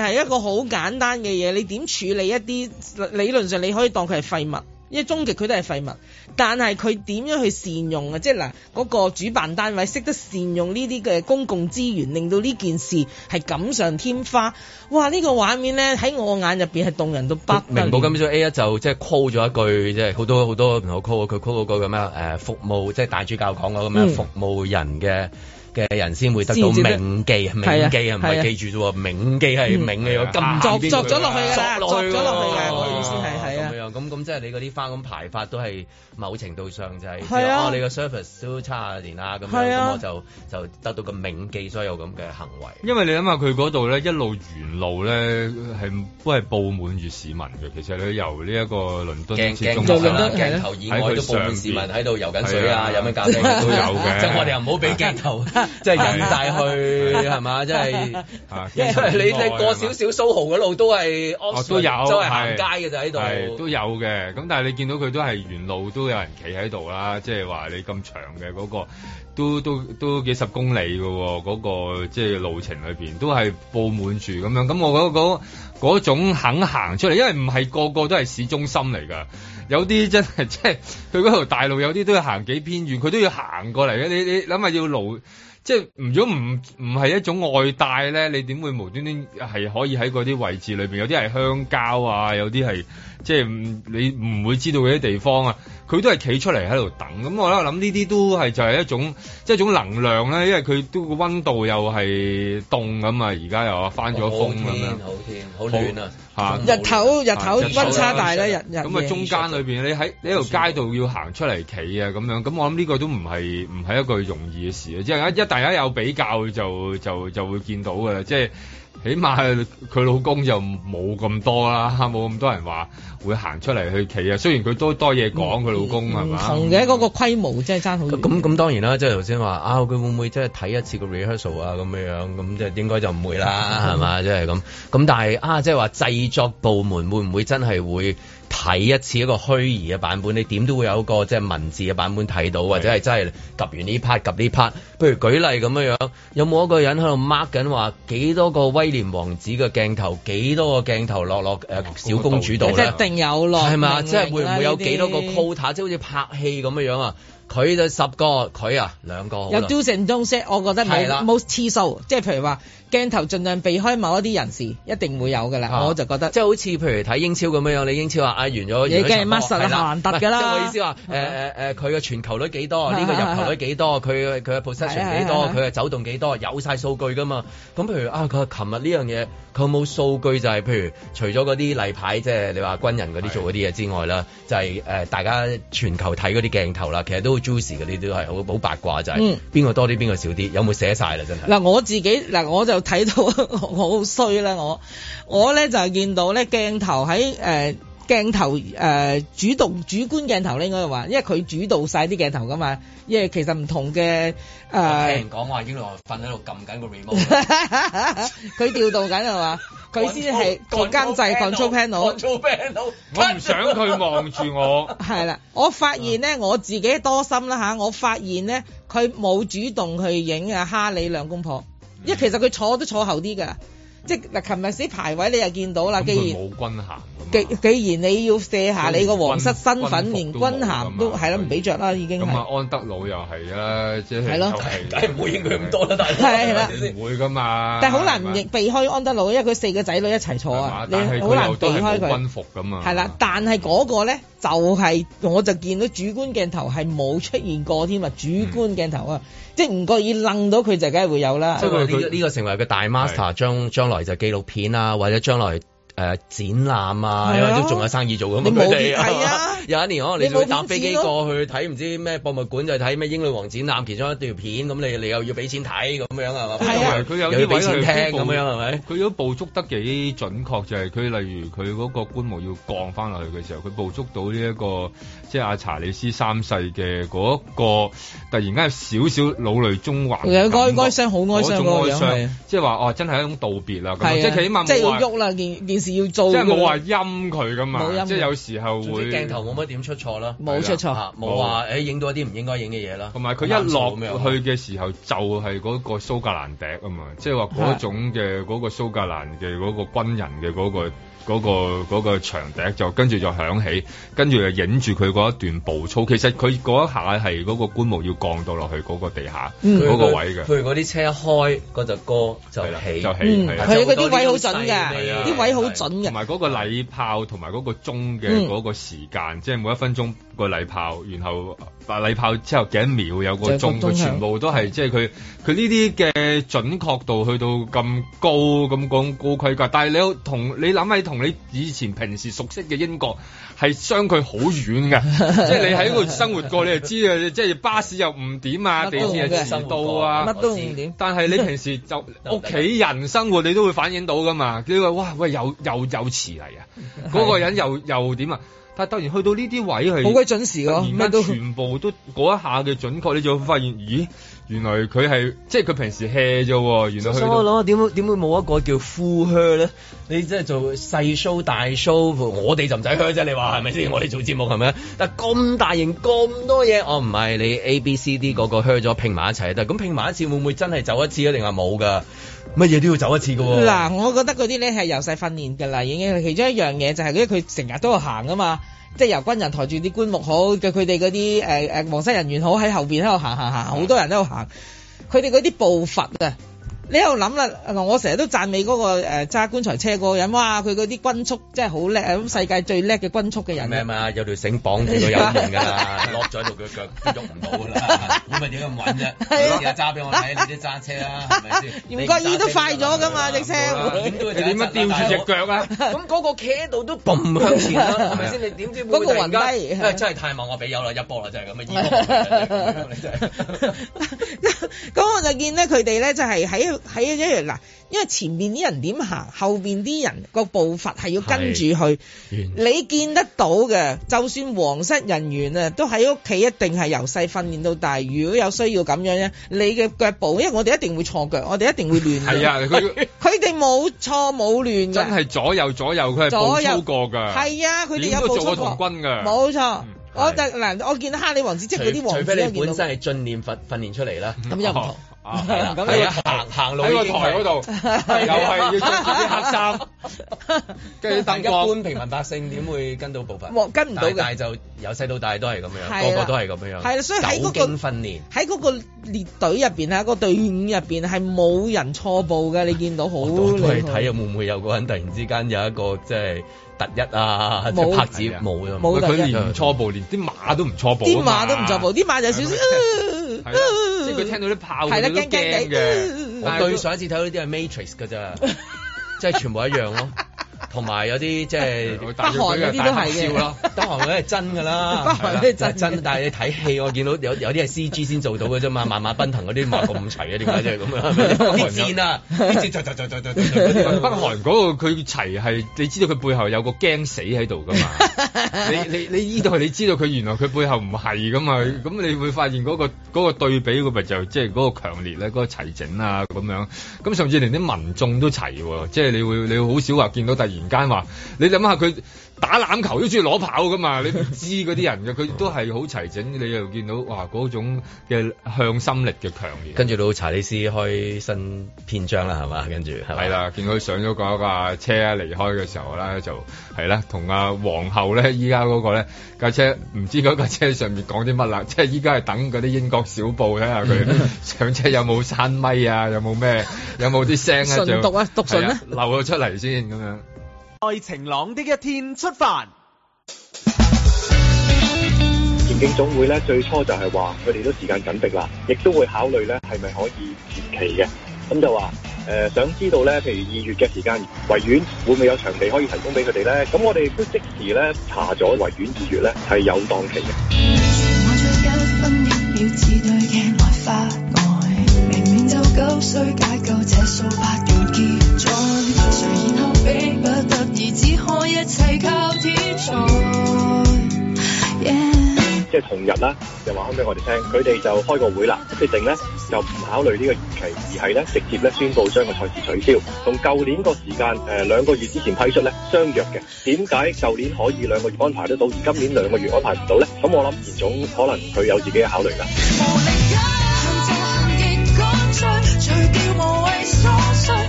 係一個好簡單嘅嘢，你點處理一啲理論上你可以當佢係廢物，因為終極佢都係廢物。但係佢點樣去善用啊？即係嗱，嗰、嗰個主辦單位識得善用呢啲嘅公共資源，令到呢件事係錦上添花。哇！呢、呢個畫面咧喺我眼入邊係動人到不得。明報今朝 A 一就即係 call 咗一句，即係好多好多朋友 call，佢 call 嗰個嘅咩誒服務，即係大主教講嗰個咩服務人嘅。嗯嘅人先會得到銘記，銘記啊，唔係記住啫喎，銘記係銘記咗金作咗落去啊，作咗落去嘅、啊、意思係係啊，咁咁即係你嗰啲花咁排法都係某程度上就係哦你個 surface 都差下年啦咁樣，咁我就就得到個銘記所有咁嘅行為。因為你諗下佢嗰度咧，一路沿路咧係都係佈滿住市民嘅，其實你由呢一個倫敦鏡鏡頭啦，鏡頭以外都佈滿市民喺度遊緊水啊，有咩咖啡都有嘅，即係我哋又唔好俾鏡頭。即係引晒去係嘛？即 [LAUGHS] 係、就是、 [LAUGHS] 因為你 [LAUGHS] 你過少少蘇豪嗰路都係、哦，都有，都係行街嘅就喺度。都有嘅，咁但係你見到佢都係沿路都有人企喺度啦。即係話你咁長嘅嗰、嗰個都都都幾十公里嘅喎，嗰、嗰個即係路程裏邊都係佈滿住咁樣。咁我覺得嗰種肯行出嚟，因為唔係個個都係市中心嚟㗎。有啲真係即係佢嗰條大路有啲都要行幾偏遠，佢都要行過嚟嘅。你你諗下要路。即係唔如果唔唔係一種外帶咧，你點會無端端係可以喺嗰啲位置裏邊？有啲係香蕉啊，有啲係。即係唔你唔會知道嗰啲地方啊，佢都係企出嚟喺度等。咁我啦諗呢啲都係就係一種即係一種能量啦，因為佢都個温度又係凍咁啊，而家又翻咗風咁樣。好天好天，好暖啊！日頭日頭温差大啦，日日咁啊，中間裏面，你喺呢條街度要行出嚟企啊咁樣，咁我諗呢個都唔係唔係一個容易嘅事啊！即係一大家有比較就就就，就會見到㗎啦即係。起碼佢老公就冇咁多啦，冇咁多人話會行出嚟去企啊。雖然佢都多嘢講，佢、嗯、老公係嘛、嗯？同嘅嗰個規模差，即係爭好遠。咁咁當然啦，即係頭先話啊，佢會唔會即係睇一次個 rehearsal 啊咁樣咁，即係應該就唔會啦，係、嗯、嘛？即係咁。咁、就是、但係啊，即係話製作部門會唔會真係會？睇一次一個虛擬嘅版本，你點都會有一個即係文字嘅版本睇到，或者係真係及完呢 part 及呢 part。不如舉例咁樣，有冇一個人喺度 mark 緊話幾多個威廉王子嘅鏡頭，幾多個鏡頭落落、哦呃、小公主度一、那個、定有落。係、啊、嘛、啊？即係會唔會有幾多個 quota？、啊、即係好似拍戲咁樣啊？佢就十個，佢啊兩個有 do something don't say。我覺得冇冇次數，即係譬如話鏡頭盡量避開某一啲人士，一定會有嘅啦、啊。我就覺得，即係好似譬如睇英超咁樣樣，你英超話啊完咗，已梗係 must 啦，難得㗎啦。即係我意思話，誒誒誒，佢、呃、嘅、呃呃呃、傳球率幾多？呢、這個入球率幾多？佢佢嘅 possession 幾多？佢嘅走動幾多？有晒數據㗎嘛？咁譬如啊，佢琴日呢樣嘢，佢有冇數據？就係、是、譬如除咗嗰啲例牌，即、就、係、是、你話軍人嗰啲做嗰啲嘢之外啦，就係誒大家全球睇嗰啲鏡頭啦，其實都好 juicy 嗰啲都係好八卦就係邊個多啲，邊個少啲，有冇寫晒啦？真係嗱、啊，我自己嗱、啊，我就。睇 [LAUGHS] 到我好衰啦！我我咧就係見到咧鏡頭喺誒鏡頭誒、呃、主動主觀鏡頭應該話，因為佢主導晒啲鏡頭噶嘛。因為其實唔同嘅誒，聽人講話應該我瞓喺度撳緊個 remote，佢調度緊係嘛？佢先係個監製 control panel。control panel，我唔想佢望住我。係啦，我發現咧我自己多心啦吓，我發現咧佢冇主動去影啊哈利兩公婆。因為其實佢坐都坐後啲噶即係嗱，琴日啲排位你又見到啦。既然冇軍銜，既既然你要卸下你個皇室身份，軍軍連軍銜都係啦，唔俾着啦，已經。咁啊、就是就是，安德魯又係啦，即係係咯，梗係唔會應佢咁多啦，大家係啦，唔會噶嘛。但係好難唔避開安德魯，因為佢四個仔女一齊坐啊，你好難避開佢。軍服㗎嘛，係啦，但係嗰個咧就係、是、我就見到主觀鏡頭係冇出現過添啊，主觀鏡頭啊。嗯即係唔覺意楞到佢就梗係會有啦，即係佢呢個成為個大 master，將將來就紀錄片啊，或者將來。展覽啊，都仲、啊、有生意做㗎嘛佢哋係啊， [LAUGHS] 有一年可能你會搭飛機過去睇唔知咩博物館，就睇、是、咩英女王展覽其中一段片，咁你你又要俾錢睇咁樣啊？係佢有要畀錢聽，聽咁樣係咪？佢都、啊、捕捉得幾準確，就係、是、佢例如佢嗰個棺木要降翻落去嘅時候，佢捕捉到呢、這、一個即係阿查理斯三世嘅嗰、那個突然間有少少老淚縱橫，哀哀傷好哀傷哀傷，即係話哦，真係一種道別啦。咁即係，起碼即係喐啦，件件事。要做，即係冇話陰佢咁嘛，冇陰佢，即係有時候會。鏡頭冇乜點出錯啦，冇出錯吓，冇話誒影到一啲唔應該影嘅嘢啦。同埋佢一落去嘅時候就係嗰個蘇格蘭笛啊嘛，即係話嗰種嘅嗰個蘇格蘭嘅嗰個軍人嘅嗰個。嗰、那個長笛、那個、就跟住就響起，跟住就影住佢嗰一段步操。其實佢嗰一下係嗰個棺木要降到落去嗰、那個地下嗰、嗯那個位嘅。譬如嗰啲車一開，嗰、那、隻、個、歌就起就起，係佢啲位好準嘅，啲位好準嘅。同埋嗰個禮炮同埋嗰個鐘嘅嗰個時間，嗯、即係每一分鐘個禮炮，然後，打禮炮之後幾秒有個鐘，佢全部都係即係佢佢呢啲嘅準確度去到咁高咁高規格，但係你同你諗起同你以前平時熟悉嘅英國係相距好遠嘅，即 [LAUGHS] 係你喺度生活過 [LAUGHS] 你就知啊，即係巴士又唔點啊，地鐵又遲到啊，乜都唔點。但係你平時就屋企 [LAUGHS] 人生活你都會反映到噶嘛？你話哇喂，又又有遲嚟啊，嗰 [LAUGHS] 個人又又點啊？突然去到呢啲位係好鬼準時㗎，而家都全部都嗰一下嘅準確，你就會發現咦，原來佢係即係佢平時 hea 啫，原來。蘇佬點點會冇一個叫 full hear 咧？你即係做細 show 大 show，我哋就唔使 hear 啫。你話係咪先？我哋做節目係咪？但咁大型咁多嘢，我唔係你 A B C D 嗰個 hear 咗拼埋一齊得，咁拼埋一次會唔會真係走一次啊？定係冇㗎？乜嘢都要走一次噶喎！嗱，我覺得嗰啲咧係由細訓練噶啦，已經係其中一樣嘢，就係佢成日都喺度行噶嘛，即係由軍人抬住啲棺木好嘅，佢哋嗰啲誒誒王室人員好喺後面喺度行行行，好多人都喺度行，佢哋嗰啲步伐啊！你喺度諗啦，我成日都讚美嗰個誒揸棺材車嗰個人，哇！佢嗰啲軍速真係好叻，咁世界最叻嘅軍速嘅人。咩啊？有條繩綁住佢有用㗎啦，落咗喺度佢腳喐唔到㗎啦。咁咪點樣咁穩啫？你而家揸俾我睇，你都揸車啦，係咪先？唔覺意都快咗㗎嘛，隻車。點解吊住隻腳啊？咁嗰個企喺度都咁向前咯，係咪先？你點知？嗰個雲梯。真係太猛我俾油啦，一波啦就係咁啊，二波。咁我就見咧，佢哋咧就係喺。係啊，一樣嗱，因為前面啲人點行，後邊啲人個步伐係要跟住去。你見得到嘅，就算皇室人員啊，都喺屋企一定係由細訓練到大。如果有需要咁樣咧，你嘅腳步，因為我哋一定會錯腳，我哋一定會亂。係啊，佢哋冇錯冇亂真係左右左右，佢係步操過噶。係啊，佢哋有步操過。冇錯、啊嗯，我哋嗱，我見到哈利王子即係嗰啲王子，除非你本身係訓練訓練出嚟啦，咁又唔同。哦咁你行行路喺個台嗰度，又係要着啲黑衫，跟住燈光 [LAUGHS] 但一般平民百姓點會跟到步伐？嗯、跟唔到嘅，大大就由細到大都係咁樣，個個都係咁樣。係啦，所以喺嗰、嗰個訓練喺嗰個列隊入邊喺個隊伍入邊係冇人錯步嘅，你見到好。我哋睇有會唔會有個人突然之間有一個即係突一啊，即係拍子冇啊，冇突一啊。錯步連啲馬都唔錯步，啲馬都唔錯步，啲馬，馬就少少。 [LAUGHS] 呃、即係佢聽到啲炮，係啦，驚驚嘅。但係對上一次睇到呢啲係 Matrix 㗎咋，即 [LAUGHS] 係全部一樣咯、哦。同埋有啲即係北韓嗰啲都係嘅，北韓嗰啲係真㗎啦，北韓呢就真的。 [LAUGHS] 是真的 [LAUGHS] 但係你睇戲，我見到有有啲係 CG 先做到㗎啫嘛。萬馬奔騰嗰啲馬咁齊啊，點解即係咁啊？啲箭啦，啲箭就就北韓嗰、那個佢齊係，你知道佢背後有個驚死喺度㗎嘛？ [LAUGHS] 你你你呢度係你知道佢原來佢背後唔係㗎嘛？咁你會發現嗰、那個嗰、那個對比、就是，咪就即係嗰個強烈咧，嗰、那個齊整啊咁樣。咁甚至連啲民眾都齊喎，即、就、係、是、你會你好少話見到突然。間話，你諗下佢打籃球都中意攞跑噶嘛？你唔知嗰啲人嘅，佢 [LAUGHS] 都係好齊整。你又見到哇，嗰種嘅向心力嘅強烈，跟住到查理斯開新篇章啦，係嘛？跟住係啦，見佢上咗嗰架車離開嘅時候咧，就係啦，同阿皇后咧，依家嗰個咧架車，唔知嗰架車上面講啲乜啦？即係依家係等嗰啲英國小報睇下佢上車有冇閂咪啊？ [LAUGHS] 有冇咩？有冇啲聲啊？讀啊讀信咧，流咗出嚟先咁樣。在晴朗的一天出發。田徑總會咧最初就係話，佢哋都時間緊迫啦，亦都會考慮咧係咪可以延期嘅。咁就話，誒、呃，想知道咧，譬如二月嘅時間，維園會唔會有場地可以提供俾佢哋咧？咁我哋都即時咧查咗維園二月咧係有檔期嘅。 [MUSIC] 即係同日啦，又話俾我哋聽，佢哋就開個會啦，即係定咧就唔考慮呢個延期，而係咧直接咧宣布將個賽事取消，同舊年個時間誒兩個月之前批出咧相約嘅。點解舊年可以兩個月安排得到，而今年兩個月安排唔到咧？咁我諗嚴總可能佢有自己嘅考慮㗎。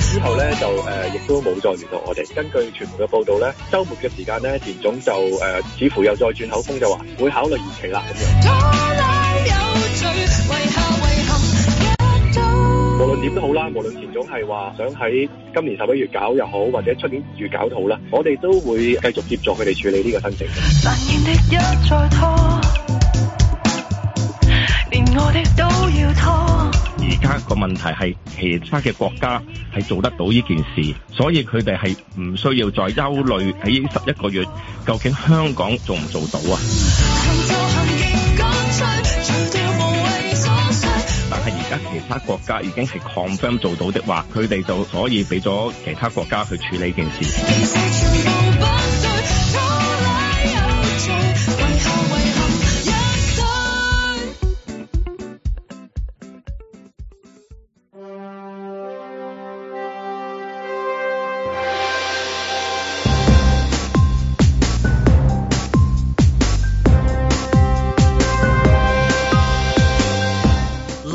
之後咧就誒，亦、呃、都冇再聯絡我哋。根據傳媒嘅報道咧，周末嘅時間咧，田總就誒、呃，似乎又再轉口風就，就話會考慮延期啦咁樣，多有罪為何為何。無論點都好啦，無論田總係話想喺今年十一月搞又好，或者出年二月搞好啦，我哋都會繼續協助佢哋處理呢個申請。答應的再拖，連我哋都要拖。而家個問題係其他嘅國家係做得到呢件事，所以佢哋係唔需要再憂慮喺十一個月究竟香港做唔做到啊？ [MUSIC] 但係而家其他國家已經係 confirm 做到的話，佢哋就可以俾咗其他國家去處理呢件事。 [MUSIC]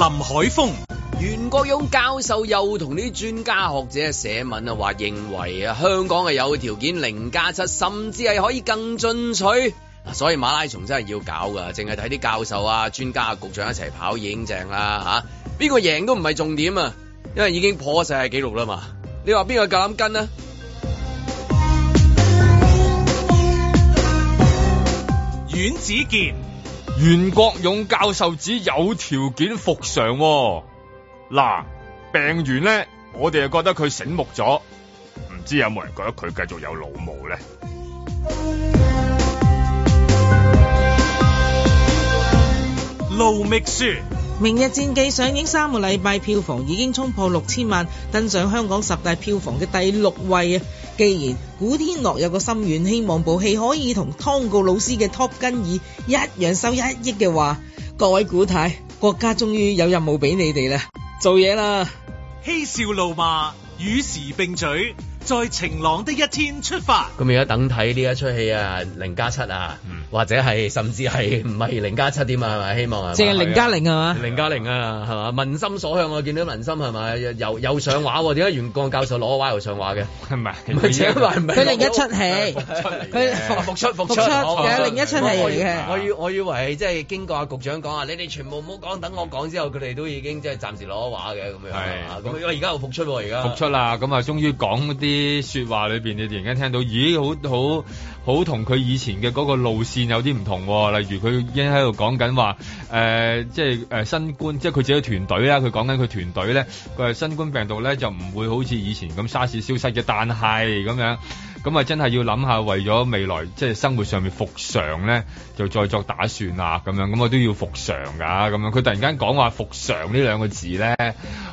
林海峰、袁國勇教授又同啲專家學者寫文啊，話認為啊，香港係有條件零加七，甚至係可以更進取。所以馬拉松真係要搞噶，淨係睇啲教授啊、專家啊、局長一齊跑已經正啦吓，邊個贏都唔係重點啊，因為已經破晒紀錄啦嘛。你話邊個夠膽跟啊？阮子健。袁國勇教授指有條件復常，啊，嗱、啊、病完咧，我哋又覺得佢醒目咗，唔知有冇人覺得佢繼續有腦霧咧？盧覓雪，明日戰記上映三個禮拜，票房已經衝破六千萬，登上香港十大票房嘅第六位啊！既然古天樂有個心願，希望部戲可以同湯告老師嘅《Top Gun》一樣收一億嘅話，各位古太太，國家終於有任務俾你哋啦，做嘢啦！嬉笑怒罵，與時並舉，在晴朗的一天出發。咁而家等睇呢一出戲啊，零加七啊。嗯或者係甚至係唔係零加七點嘛？係咪希望啊？淨係零加零係嘛？係嘛係嘛零加零啊，係嘛？民心所向我、啊、見到民心係咪又又上畫喎、啊？點解袁國勇教授攞畫又上畫嘅？唔係唔係？佢另一出戲？佢復出復、啊、出有、啊啊啊、另一出戲嚟嘅。我以我以為即係經過阿局長講啊，你哋全部唔好講，等我講之後，佢哋都已經即係暫時攞畫嘅咁樣啊。咁而家又復出喎，而家復出啦。咁啊，終於講啲説話裏邊，你哋突然間聽到咦，好好好，同佢以前嘅嗰個路線。有啲唔同、哦，例如佢已經喺度講緊話誒，即係誒、呃、新冠，即係佢自己團隊啦。佢講緊佢團隊咧，佢話新冠病毒咧就唔會好似以前咁沙士消失嘅，但係咁樣。咁啊，真係要諗下，為咗未來即係生活上面復常咧，就再作打算啦，咁樣咁我都要復常㗎，咁樣佢突然間講話復常呢兩個字咧，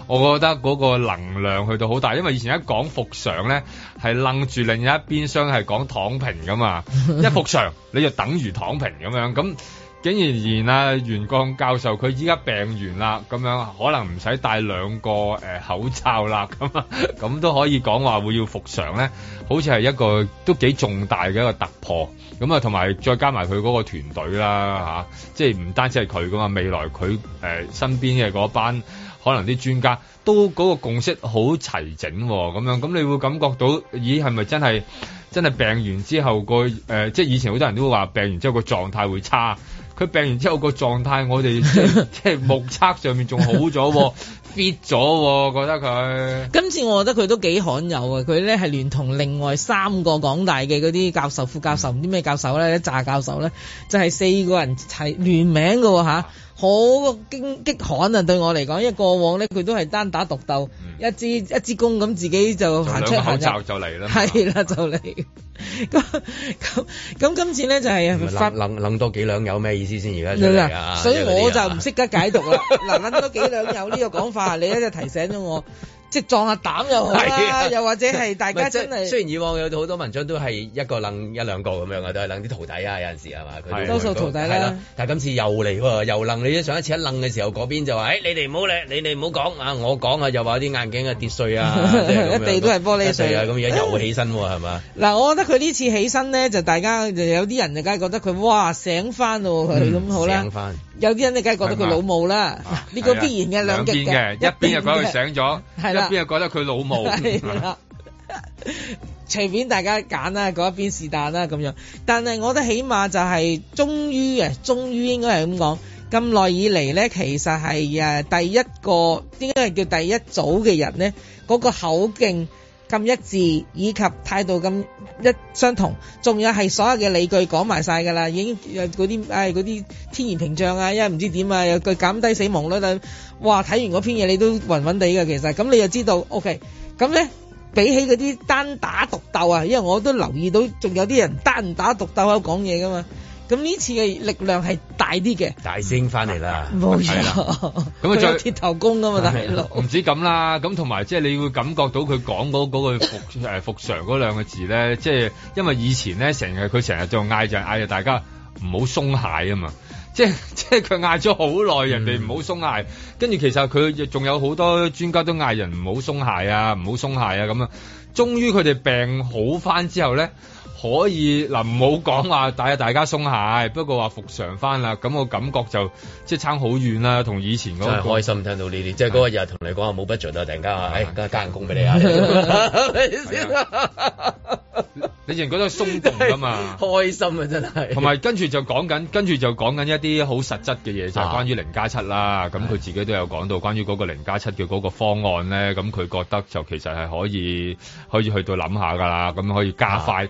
我覺得嗰個能量去到好大，因為以前一講復常咧係楞住另一邊廂係講躺平㗎嘛，一復常你就等於躺平咁樣咁。竟然然啊袁剛教授佢依家病完啦，咁樣可能唔使戴兩個誒、呃、口罩啦，咁咁都可以講話會要復常咧，好似係一個都幾重大嘅一個突破。咁啊，同埋再加埋佢嗰個團隊啦，吓，即係唔單止係佢㗎嘛，未來佢誒、呃、身邊嘅嗰班可能啲專家都嗰個共識好齊整，咁樣咁你會感覺到，咦係咪真係真係病完之後個誒、呃，即係以前好多人都會話病完之後個狀態會差。佢病完之後個狀態，我哋即係目測上面仲好咗 [LAUGHS] ，fit 咗，我覺得佢。今次我覺得佢都幾罕有嘅，佢咧係連同另外三個港大嘅嗰啲教授、副教授，唔知咩教授咧、炸教授咧，就係、是、四個人齊聯名嘅吓、啊。啊好個驚激喊啊！對我嚟講，因為過往咧佢都係單打獨鬥，嗯、一支一支公咁自己就行出行入，兩口罩就嚟啦，係啦 [LAUGHS] 就嚟來了。咁咁咁今次咧就係、是，諗諗諗多幾兩友咩意思先、啊？而家所以我就唔識得解讀啦。嗱，諗多幾兩友呢個講法，你咧就提醒咗我。即撞下、啊、膽又好、啊啊、又或者係大家真係雖然以往有好多文章都係一個愣一兩個咁樣啊，都係愣啲徒弟啊，有陣時係嘛，佢多數徒弟啦，啦、啊，但係今次又嚟喎，又愣！你上一次一愣嘅時候，嗰邊就話、哎，你哋唔好理，你哋唔好講啊，我講啊，又話啲眼鏡啊跌碎啊， [LAUGHS] 是一地都係玻璃碎啊，咁樣又起身喎、啊，係嘛？嗱、啊，我覺得佢呢次起身咧，就大家就有啲人就梗係覺得佢哇醒翻咯、啊，佢咁、嗯、好啦。醒翻有啲人咧，梗係覺得佢老母啦，呢個必然嘅兩極嘅，一邊又覺得佢醒咗，係啦，一邊又覺得佢老母，係啦，隨便大家揀啦，嗰一邊是但啦咁樣。但係我覺得起碼就係終於啊，終於應該係咁講，咁耐以嚟咧，其實係誒第一個，點解係叫第一組嘅人咧？嗰個口徑。咁一致，以及態度咁一相同，仲有係所有嘅理據講埋晒㗎啦，已經有嗰啲嗰啲天然屏障啊，因為唔知點啊，有句減低死亡率啊，哇！睇完嗰篇嘢你都暈暈地㗎，其實咁你就知道 OK，咁咧比起嗰啲單打獨鬥啊，因為我都留意到，仲有啲人單打獨鬥喺度講嘢㗎嘛。咁呢次嘅力量係大啲嘅，大聲翻嚟啦，冇錯。咁啊，再鐵頭功啊嘛，係咯。唔止咁啦，咁同埋即係你會感覺到佢講嗰句復誒復常嗰兩個字咧，即係因為以前咧成日佢成日就嗌就嗌住大家唔好鬆懈啊嘛，即係即係佢嗌咗好耐，人哋唔好鬆懈。跟住其實佢仲有好多專家都嗌人唔好鬆懈啊，唔好鬆懈啊咁啊。終於佢哋病好翻之後咧。可以嗱，唔好講話帶下大家鬆懈，不過話復常返啦。咁我感覺就即係差好遠啦，同以前嗰個。真係開心聽到呢啲，即係嗰日同你講話冇 budget 啊，突然間啊，誒，哎、加人工俾你啊。 [LAUGHS] [LAUGHS] 是的 [LAUGHS] [LAUGHS] 你仲覺得鬆動噶嘛？開心啊，真係。同埋跟住就講緊，跟住就講緊一啲好實質嘅嘢，就係、是、關於零加七啦。咁、啊、佢自己都有講到關於嗰個零加七嘅嗰個方案咧。咁佢覺得就其實係可以，可以去到諗下噶啦。咁可以加快，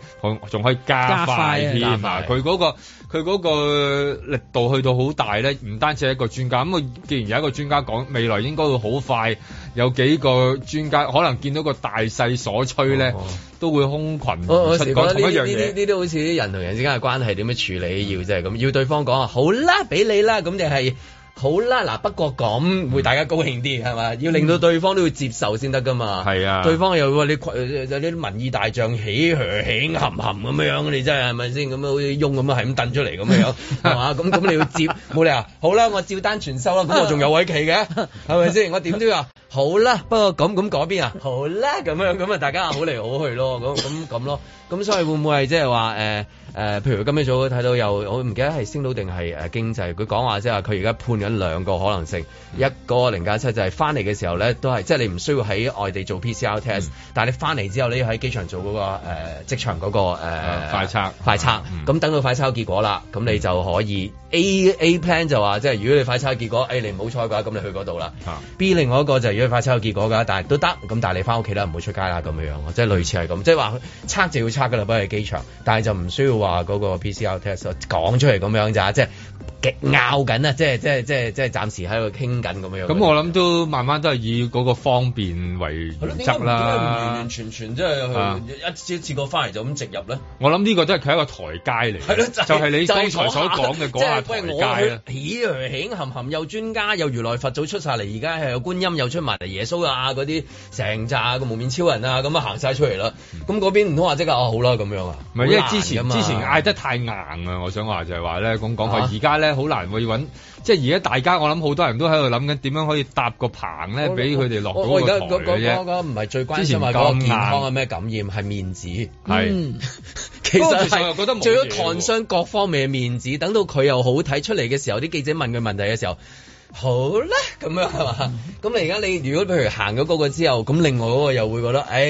仲、啊、可以加快添啊！佢嗰、啊那個佢個力度去到好大咧，唔單止一個專家。咁既然有一個專家講未來應該會好快。有幾個專家可能見到個大勢所趨咧，哦哦都會空群出講同一樣嘢。我我覺得呢啲呢啲都好似啲人同人之間嘅關係點樣處理、嗯、要即係咁，要對方講啊好啦，俾你啦咁就係。好啦，嗱，不過咁會大家高興啲係咪？要令到對方都要接受先得㗎嘛？係啊，對方又你呢啲民意大將起起冚冚咁樣樣，你真係係咪先咁樣好似翁咁樣係咁掟出嚟咁樣，係嘛？咁咁 [LAUGHS] 你要接冇 [LAUGHS] 理由，好啦，我照單全收啦。咁我仲有位企嘅，係咪先？我點都要話好啦，不過咁咁嗰邊啊，好啦，咁樣咁啊，大家好嚟好去咯，咁咁咁咯。咁所以會唔會係即係話誒誒？譬如今日早睇到有我唔記得係升到定係誒經濟，佢講話即係話佢而家判。緊兩個可能性，一個零加七就係翻嚟嘅時候咧，都係即係你唔需要喺外地做 PCR test、嗯、但係你翻嚟之後你要喺機場做嗰、那個誒職、呃、場嗰、那個誒、呃啊、快測、啊、快測，咁、嗯、等到快測結果啦，咁你就可以、嗯、A A plan 就話即係如果你快測結果誒你唔好彩嘅話，咁你去嗰度啦。B 另外一個就係、是、如果你快測有結果噶，但係都得，咁但係你翻屋企啦，唔好出街啦咁樣樣，即係類似係咁，即係話測就要測噶啦，不過喺機場，但係就唔需要話嗰個 PCR test 講出嚟咁樣咋，即係拗緊啊，即係即係即係。即係即係暫時喺度傾緊咁樣。咁我諗都慢慢都係以嗰個方便為原則啦。完完全全即係一次一次過翻嚟就咁直入咧。我諗呢個都係佢一個台階嚟。就係、是就是、你剛才所講嘅嗰下、就是、台階咦？興含含又專家又如來佛祖出晒嚟，而家係有觀音又出埋嚟，耶穌啊嗰啲成紮個蒙面超人啊，咁啊行晒出嚟啦。咁、嗯、嗰邊唔通話即刻哦好啦咁樣啊？唔係，因為之前之前嗌得太硬啊、嗯，我想話就係話咧咁講法，而家咧好難會揾。即係而家大家，我諗好多人都喺度諗緊點樣可以搭個棚咧，俾佢哋落嗰個台嘅啫、嗰個嗰個嗰個唔係最關心。之前、嗰個、健康嘅咩感染係面子，係、嗯、其實係覺得最好 concern 各方面嘅面子。等到佢又好睇出嚟嘅時候，啲記者問佢問題嘅時候。好啦，咁樣係嘛？咁你而家你如果譬如行咗嗰個之後，咁另外嗰個又會覺得，唉、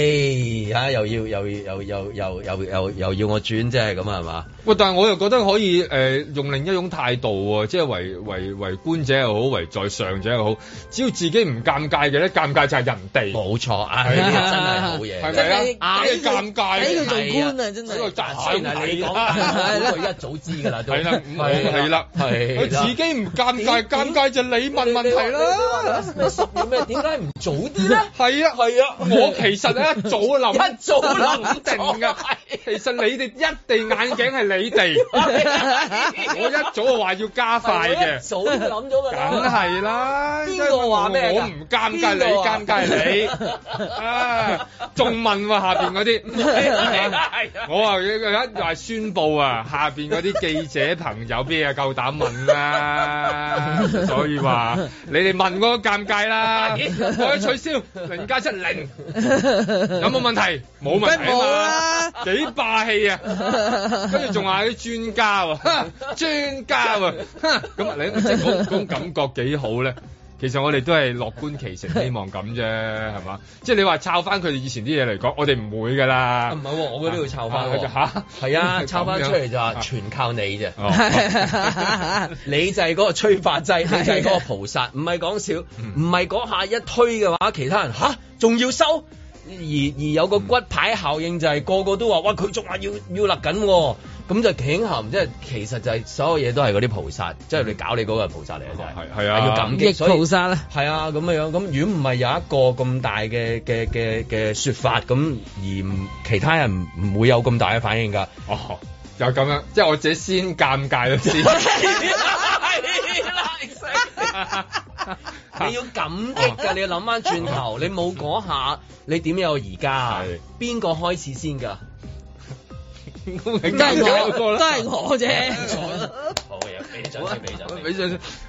哎、又要又要又又又又，又，又，又，又要我轉，即係咁啊，係咪？喂，但係我又覺得可以誒、呃，用另一種態度喎，即係為為為官者又好，為在上者又好，只要自己唔尷尬嘅咧，尷尬就係人哋。冇錯，係唉，真係好嘢。係咪啊？咩尷尬？俾佢做官啊，真係。所以賺錢係你講，咁、啊啊啊啊啊啊啊、 [LAUGHS] 我一早知㗎啦。係啦，係啦、啊，係、啊。佢、啊啊啊、自己唔尷尬，尷尬就。你問問題啦，咩疏遠咩？點解唔早啲咧？係啊係啊，我其實咧一早諗一早諗定噶。其實你哋一定眼鏡係你哋，我一早就話要加快嘅。一早諗咗噶啦。梗係啦，邊個話咩？我唔尷尬，你尷尬你。啊，仲問喎下邊嗰啲？我啊一又係宣布啊，下邊嗰啲記者朋友，邊啊夠膽問啊？所以。你哋問個尷尬啦 [LAUGHS] 我去取消零加七零有冇問題？冇問題啦，幾霸氣啊。跟住仲話啲專家喎，專家喎，咁啊你即係講講感覺幾好咧其實我哋都係樂觀其成，希望咁啫，係 [LAUGHS] 嘛？即係你話抄翻佢哋以前啲嘢嚟講，我哋唔會噶啦。唔、啊、係、啊啊，我嗰都要抄翻佢。吓，係啊，抄、啊、翻、啊啊、出嚟就話全靠你啫、 [LAUGHS] 啊哦。 [LAUGHS] [LAUGHS] 你就係嗰個催化劑，你就係嗰個菩薩。唔係講笑，唔係嗰下一推嘅話，其他人吓仲、啊、要收。而而有個骨牌效應就係、是、個個都話哇佢仲話要要勒緊喎、啊，咁就頸含即係其實就係、是、所有嘢都係嗰啲菩薩，嗯、即係你搞你嗰個菩薩嚟嘅。就係係啊，啊要感激所以菩薩咧係啊咁樣咁，如果唔係有一個咁大嘅嘅嘅嘅說法，咁而其他人唔會有咁大嘅反應㗎。哦，就咁樣，即係我自己先尷尬咗先。 [LAUGHS] [LAUGHS] [LAUGHS] 你要感激噶，哦，你要諗翻轉頭，你冇嗰下，嗯、你點有而家啊？邊個開始先噶？ [LAUGHS] 都係我，都係我啫。好嘅，俾俾俾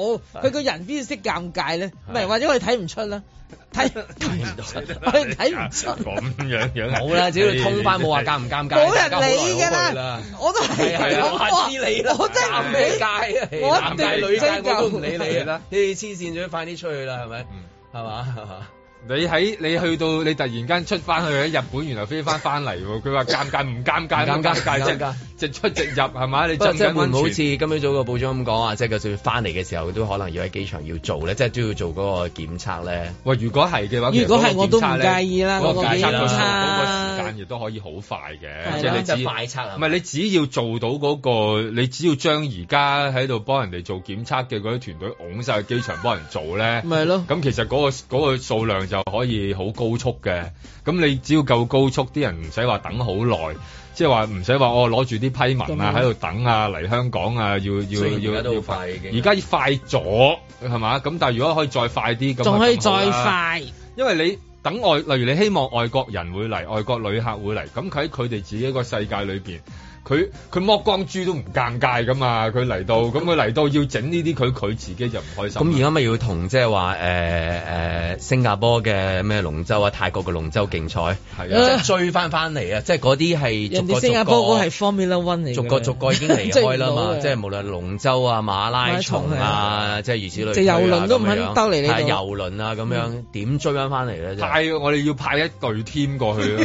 佢、哦、個人邊識尷尬咧？唔係或者佢睇唔出，出，出， [LAUGHS] 出 [LAUGHS] 啦，睇睇唔到，佢睇唔出。咁樣樣好啦，只要通翻冇話尷唔尷尬。冇人理㗎啦你，我都係我，我真唔理街啊，男街，我真男街，我真男街女街我都唔理你啦。 [LAUGHS] 你黐線，仲 [LAUGHS] 快啲出去啦，係咪？係嘛？你喺你去到你突然間出翻去喺日本原來來，然後飛翻翻嚟，佢話尷尬唔尷尬？尷尬尷尬，直出直入係嘛？你即係唔好好似今日早個報章咁講啊，即係就算翻嚟嘅時候，都可能要喺機場要做咧，即係都要做嗰個檢測咧。喂，如果係嘅話，如果係我都唔介意啦，嗰個檢測嗰個時間亦都可以好快嘅，即 [LAUGHS] 係你只唔係、快測、你只要做到嗰、嗰個，你只要將而家喺度幫人哋做檢測嘅嗰啲團隊拱晒去機場幫人做咧，咪係咯？咁其實嗰個嗰個數量。就可以好高速嘅，咁你只要夠高速，啲人唔使話等好耐，即係話唔使話我，攞住啲批文啊，喺度等啊嚟香港啊，要要要要快嘅。而家要快咗，係嘛？咁但係如果可以再快啲，咁仲可以再快，因為你等外，例如你希望外國人會嚟，外國旅客會嚟，咁喺佢哋自己一個世界裏邊。佢佢剝光豬都唔尷尬噶嘛？佢嚟到，咁佢嚟到要整呢啲，佢佢自己就唔開心。咁而家咪要同即係話誒誒新加坡嘅咩龍舟啊、泰國嘅龍舟競賽，係啊追翻翻嚟啊！即係嗰啲係，人哋新加坡嗰係 Formula One 嚟，逐個逐個已經離開啦嘛， [LAUGHS] 嘛。即係無論龍舟啊、馬拉松啊，松啊啊即係如此類，類就，即係遊輪都唔肯兜嚟呢係遊輪啊，咁樣，點、嗯、追翻翻嚟咧？派我哋要派一隊 team 過去啊，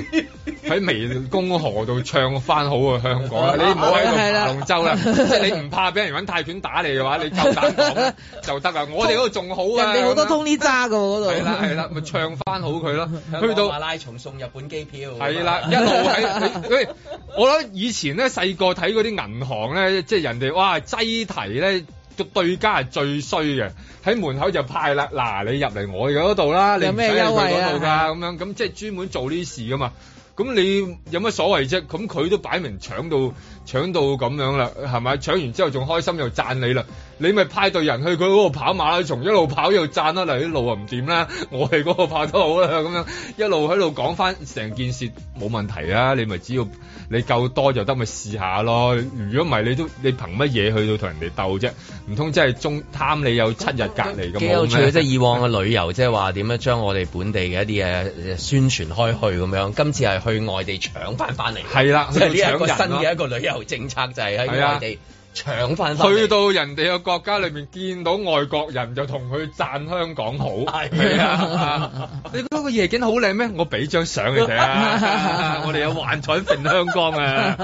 喺 [LAUGHS] 湄公河度唱翻好啊，香港。哦、你唔好喺度划龍舟啦，即係你唔怕俾人揾泰拳打你嘅話，你夠膽闖就得啦。 [LAUGHS] 我哋嗰度仲好啊，你好多 Tony 揸噶嗰度。係啦係啦，咪唱翻好佢咯，去到馬拉松送日本機票。係啦，一路喺 [LAUGHS] 我覺得以前咧細個睇嗰啲銀行咧，即係人哋哇擠提咧個對家係最衰嘅，喺門口就派啦，嗱你入嚟我嘅嗰度啦，你唔使入佢嗰度㗎，咁、啊、樣咁即係專門做呢啲事噶嘛。咁你有乜所謂啫？咁佢都擺明搶到搶到咁樣啦，係咪？搶完之後仲開心又讚你啦～你咪派隊人去佢嗰度跑馬拉松，一路跑又讚啦！嗱啲路啊唔掂啦，我哋嗰個跑得好啦咁樣，一路喺度講翻成件事冇問題啊！你咪只要你夠多就得，咪試下咯。如果唔係，你都你憑乜嘢去到同人哋鬥啫？唔通真係中貪你有七日隔離咁？幾有趣！即係以往嘅旅遊，即係話點樣將我哋本地嘅一啲嘢宣傳開去咁樣。今次係去外地搶翻翻嚟，係啦，即係呢個新嘅一個旅遊政策就係喺外地。去到人哋嘅國家裏面見到外國人就同佢讚香港好，你 [LAUGHS] 係啊！ [LAUGHS] 你覺得個夜景好靚咩？我俾張相你睇 [LAUGHS] 啊！我哋有幻彩詠香江啊，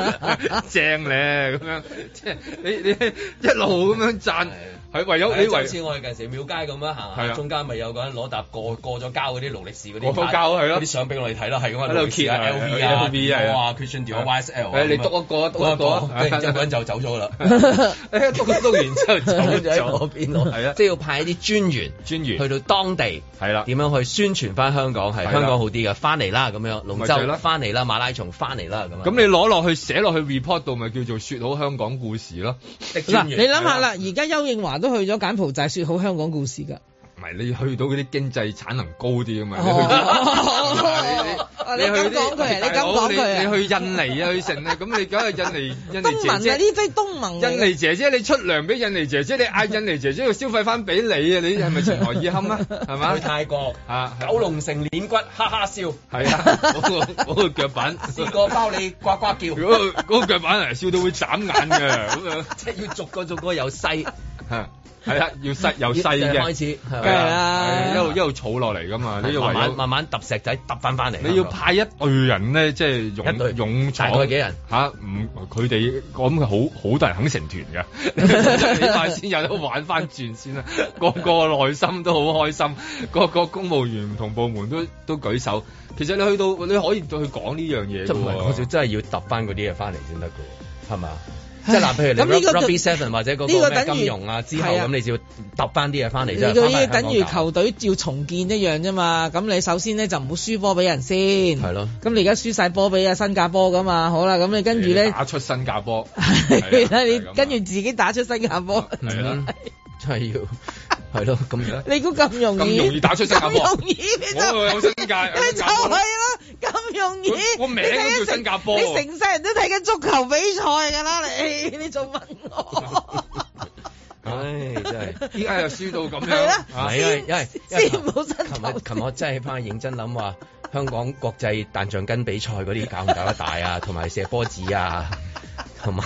正咧咁樣，即係你你一路咁樣讚。 [LAUGHS] 佢為咗你上次我哋近時廟街咁樣行、啊，中間咪有個人攞搭過過咗交嗰啲勞力士嗰啲，攞交係咯啲相俾我哋睇啦，係咁喺度揭 L V 啊！哇，決算掉個 Y S L。你讀一個讀、啊、一個、啊，就走咗啦。讀讀、啊啊、完之後走咗喺嗰邊度，係啊，即、啊就係、要派一啲專員專員去到當地，係啦、啊，點樣去宣傳翻香港係、啊啊、香港好啲嘅，翻嚟啦咁樣，啊、龍舟翻嚟啦，馬拉松翻嚟啦咁咁你攞落去寫落去 report 度，咪叫做説好香港故事咯？你諗下啦，而家邱應華。都去咗柬埔寨說好香港故事噶，唔係你去到嗰啲經濟產能高啲噶嘛、oh，你？你去你去、啊啊、你，去你敢、啊、你敢講你去印尼啊，去成啊，咁、嗯、你梗係印尼？印尼姐姐東盟姐呢堆東盟。印尼姐姐，你出糧俾印尼姐姐，你嗌印尼姐姐要消費翻俾你啊？你係咪情何以堪啊？係 [LAUGHS] 咪？去泰國啊，是是九龍城鏈骨哈哈笑，係啊，嗰、 [LAUGHS] 嗰個嗰腳板四個包你呱呱叫，嗰個嗰個腳板嚟笑到會眨眼嘅，咁樣即係要逐個逐個有細。係，係要細由細開始，梗係啦，一路一路儲落嚟噶嘛，你要慢慢慢慢揼石仔揼翻翻嚟，你要派一隊人咧，即係擁擁咗幾人吓？唔、啊，佢哋我諗佢好好，好多人肯成團嘅，呢塊先有得玩翻轉先啦。個個內心都好開心，個個公務員同部門都都舉手。其實你去到你可以對佢講呢樣嘢，唔係講笑，真係要揼翻嗰啲嘢翻嚟先得嘅，係嘛？即係嗱，譬如你 Robbie Seven 或者嗰個金融啊個等於、之後咁，你就要揼翻啲嘢翻嚟啫。呢個等於球隊要重建一樣啫嘛。咁你首先咧就唔好輸波俾人先。係咯。咁你而家輸晒波俾啊新加坡噶嘛？好啦，咁你跟住咧打出新加坡。你跟住自己打出新加坡。係啦 [LAUGHS] 真係要，係咯，咁樣。你估咁容易？咁容易打出新加坡？ [LAUGHS] 我有新界，你就係咯，咁容易？我名叫新加坡， [LAUGHS] 你成世人都睇緊足球比賽噶啦，你你仲問我？唉、 [LAUGHS] [LAUGHS] 哎，真係依家又輸到咁樣，唔 [LAUGHS] 係因為因為新。琴日琴日我真係翻去認真諗話， [LAUGHS] 香港國際彈橡筋比賽嗰啲搞唔搞得大啊，同 [LAUGHS] 埋射波子啊，同埋。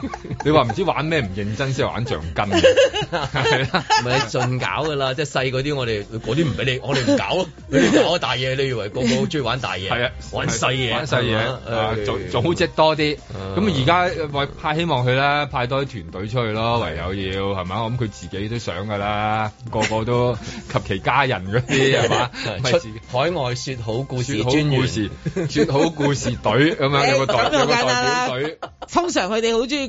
[LAUGHS] 你話唔知玩咩唔認真先玩橡筋，係唔咪盡搞噶啦！即係細嗰啲，我哋嗰啲唔俾你，我哋唔搞。你哋玩大嘢，你以為個個好中意玩大嘢？係 [LAUGHS] 啊，玩細嘢，玩細嘢。組好織多啲，咁而家派希望佢啦，派多啲團隊出去咯。唯有要係咪我諗佢自己都想噶啦，個個都及其家人嗰啲係嘛，咪？ [LAUGHS] 海外說好故事專，專故事說好故事隊咁 [LAUGHS] 故 [LAUGHS] [LAUGHS] 樣有個有、欸、個代表隊。通常佢哋好中意。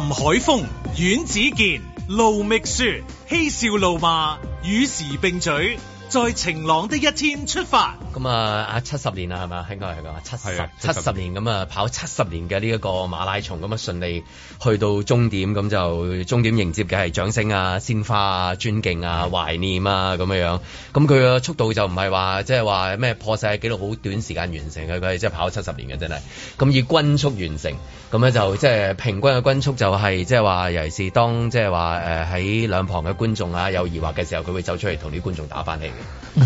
林海峰、阮子健、盧覓雪嬉笑怒罵，與時並舉。在晴朗的一天出發。咁啊，阿七十年啦，係嘛？應該係㗎，七十七十年咁啊，跑七十年嘅呢一個馬拉松咁啊，順利去到終點咁就終點迎接嘅係掌聲啊、鮮花啊、尊敬啊、懷念啊咁樣樣。咁佢嘅速度就唔係話即係話咩破世界紀錄好短時間完成佢，佢係即係跑七十年嘅真係。咁以均速完成，咁咧就即係、就是、平均嘅均速就係即係話，尤其是當即係話誒喺兩旁嘅觀眾啊有疑惑嘅時候，佢會走出嚟同啲觀眾打翻氣。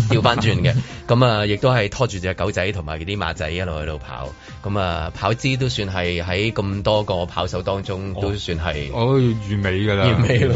調翻轉嘅，咁啊，亦都係拖住隻狗仔同埋啲馬仔一路喺度跑，咁啊跑姿都算係喺咁多個跑手當中都算係，哦完美噶啦，完美啦，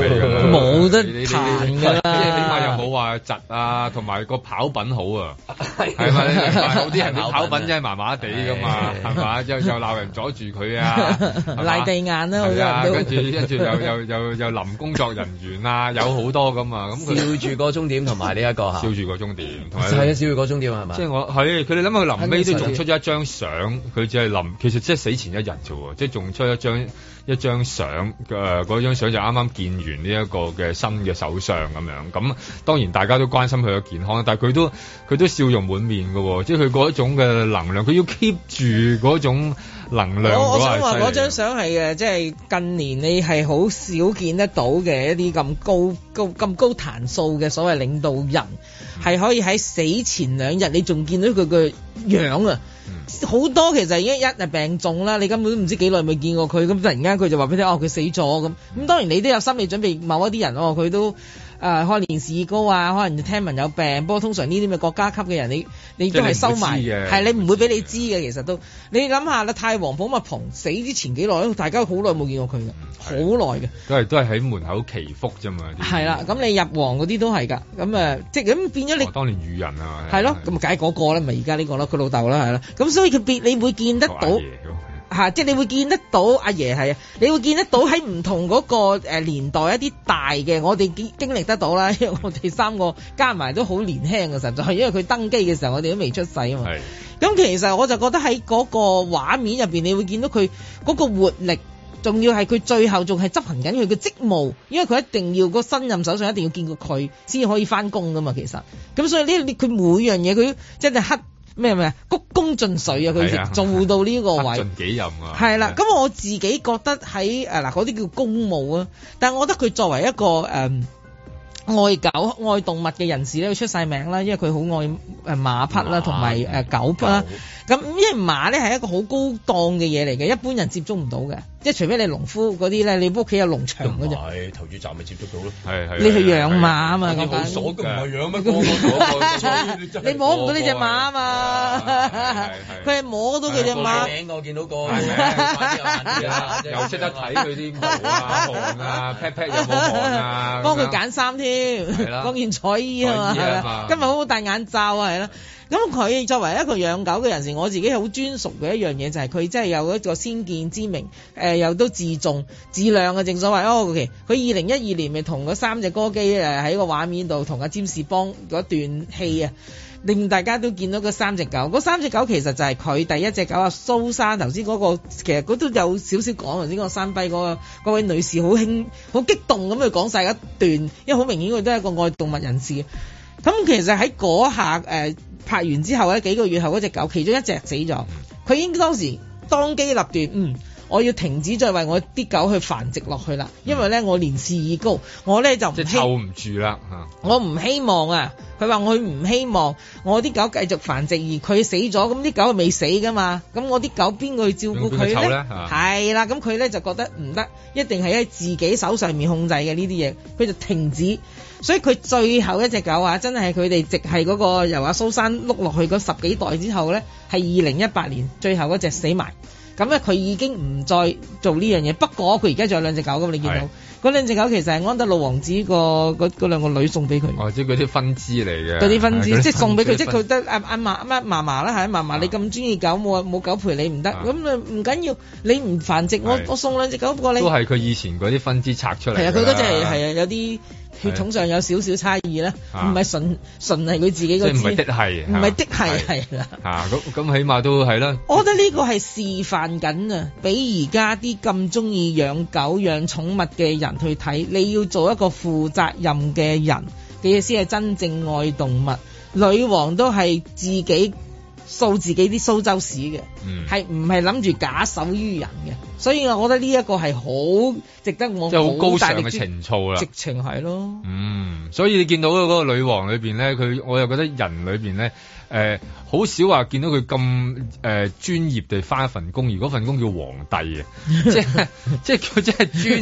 冇得彈噶啦，起碼又冇話窒啊，同埋個跑品好啊，係 [LAUGHS] 咪？有啲人跑品真係麻麻地噶嘛，係嘛、啊 [LAUGHS] 啊， [LAUGHS] 又又鬧人阻住佢啊，賴地眼啦，跟住跟住又又又又淋工作人員啊，有好多咁啊，咁跳住個終點同埋呢一個追住個終點，係啊！追住個終點啊，係嘛？即係我係佢哋諗佢臨尾都仲出咗一張相，佢只係臨，其實即係死前一日啫喎，即係仲出一張一張相誒，嗰張相就啱啱見完呢一個嘅新嘅首相咁樣。咁當然大家都關心佢嘅健康，但係佢都佢都笑容滿面嘅喎，即係佢嗰種嘅能量，佢要 keep 住嗰種。能量我。我想話嗰張相係誒，即係、就是、近年你係好少見得到嘅一啲咁高高咁高彈數嘅所謂領導人，係、嗯、可以喺死前兩日，你仲見到佢嘅樣啊！好多其實一一係病重啦，你根本都唔知幾耐未見過佢，咁突然間佢就話俾你聽哦，佢死咗咁。咁當然你都有心理準備某些，某一啲人哦，佢都。呃、可開年事高啊，可能聽聞有病，不過通常呢啲咪國家級嘅人，你你都係收埋係你唔會俾你，你知嘅。其實都你諗下啦，泰王蒲美蓬死之前幾耐，大家好耐冇見過佢噶，好耐嘅。都係都係喺門口祈福啫嘛。係啦，咁你入皇嗰啲都係噶，咁誒、呃，即係咁變咗你、哦。當年愚人啊，係咯，咁解嗰個啦咪而家呢個咯，佢老豆啦，係啦，咁所以佢變你會見得到。嚇！即係你會見得到阿爺係啊，你會見得到喺唔同嗰個誒年代一啲大嘅，我哋經經歷得到啦。因為我哋三個加埋都好年輕嘅，實在係因為佢登基嘅時候，我哋都未出世啊嘛。咁其實我就覺得喺嗰個畫面入邊，你會見到佢嗰個活力，仲要係佢最後仲係執行緊佢嘅職務，因為佢一定要個新任首相一定要見過佢先至可以翻工噶嘛。其實咁所以呢，佢每樣嘢佢真係黑。咩咩，鞠躬盡瘁啊！佢做到呢個位，鞠盡幾任啊！係啦、啊，咁我自己覺得喺誒嗱嗰啲叫公務啊，但係我覺得佢作為一個誒、嗯、愛狗愛動物嘅人士咧，出晒名啦，因為佢好愛誒馬匹啦，同埋誒狗啦。咁因為馬咧係一個好高檔嘅嘢嚟嘅，一般人接觸唔到嘅。即係除非你農夫嗰啲咧，你屋企有農場嘅就係投注站咪接觸到咯，係係。你去養馬啊嘛，咁你摸唔係養咩？你摸唔到呢隻馬啊嘛。佢係摸到佢隻馬。名我見到過嘅。有識得睇佢啲毛啊，啊 pat pat 啊。幫佢揀衫添，係啦，件彩衣啊嘛，今日好好戴眼罩啊？係啦。咁佢作為一個養狗嘅人士，我自己好尊崇嘅一樣嘢就係、是、佢真係有一個先見之明，誒、呃、又都自重自量嘅、啊。正所謂。O K，佢二零一二年咪同嗰三隻哥基誒喺個畫面度同阿詹士邦嗰段戲啊，令大家都見到嗰三隻狗。嗰三隻狗其實就係佢第一隻狗啊，蘇珊。頭先嗰個其實嗰都有少少講，頭先個山輝嗰個嗰位女士好興好激動咁去講晒一段，因為好明顯佢都係一個愛動物人士。咁其實喺嗰下誒。呃拍完之後咧，幾個月後嗰隻狗，其中一隻死咗，佢、嗯、已經當時當機立斷，嗯，我要停止再為我啲狗去繁殖落去啦、嗯，因為咧我年事已高，我咧就唔即係受唔住啦吓、嗯，我唔希望啊，佢話我唔希望我啲狗繼續繁殖而佢死咗，咁啲狗係未死噶嘛，咁我啲狗邊個去照顧佢呢？係啦，咁佢咧就覺得唔得，一定係喺自己手上面控制嘅呢啲嘢，佢就停止，所以佢最後一隻狗啊，真係佢哋直係嗰個由阿蘇珊碌落去嗰十幾代之後咧，係二零一八年最後嗰隻死埋。咁咧佢已經唔再做呢樣嘢，不過佢而家仲有兩隻狗㗎嘛，你見到嗰兩隻狗其實係安德魯王子個嗰嗰兩個女送俾佢，或者嗰啲分支嚟嘅，嗰啲分支即係送俾佢，即係佢得阿阿嫲乜嫲嫲啦，係嫲嫲，你咁中意狗，冇冇狗陪你唔得，咁啊唔緊、啊、要你唔繁殖，我我送兩隻狗，不過你都係佢以前嗰啲分支拆出嚟，係啊，佢嗰隻係係啊有啲。血統上有少少差異咧，唔係純純係佢自己個。係唔係的係，唔、啊、係的係係啦。吓咁咁起碼都係啦。我覺得呢個係示範緊啊，俾而家啲咁中意養狗養寵物嘅人去睇，你要做一個負責任嘅人嘅，意思係真正愛動物。女王都係自己。掃自己啲蘇州市嘅，係唔係諗住假手於人嘅，所以我覺得呢一個係好值得我好高尚嘅情操啦，直情係咯。嗯，所以你見到嗰個女王裏邊咧，佢我又覺得人裏邊咧，誒、呃，好少話見到佢咁誒專業地返一份工，而嗰份工叫皇帝 [LAUGHS] [LAUGHS] 即係即係佢真係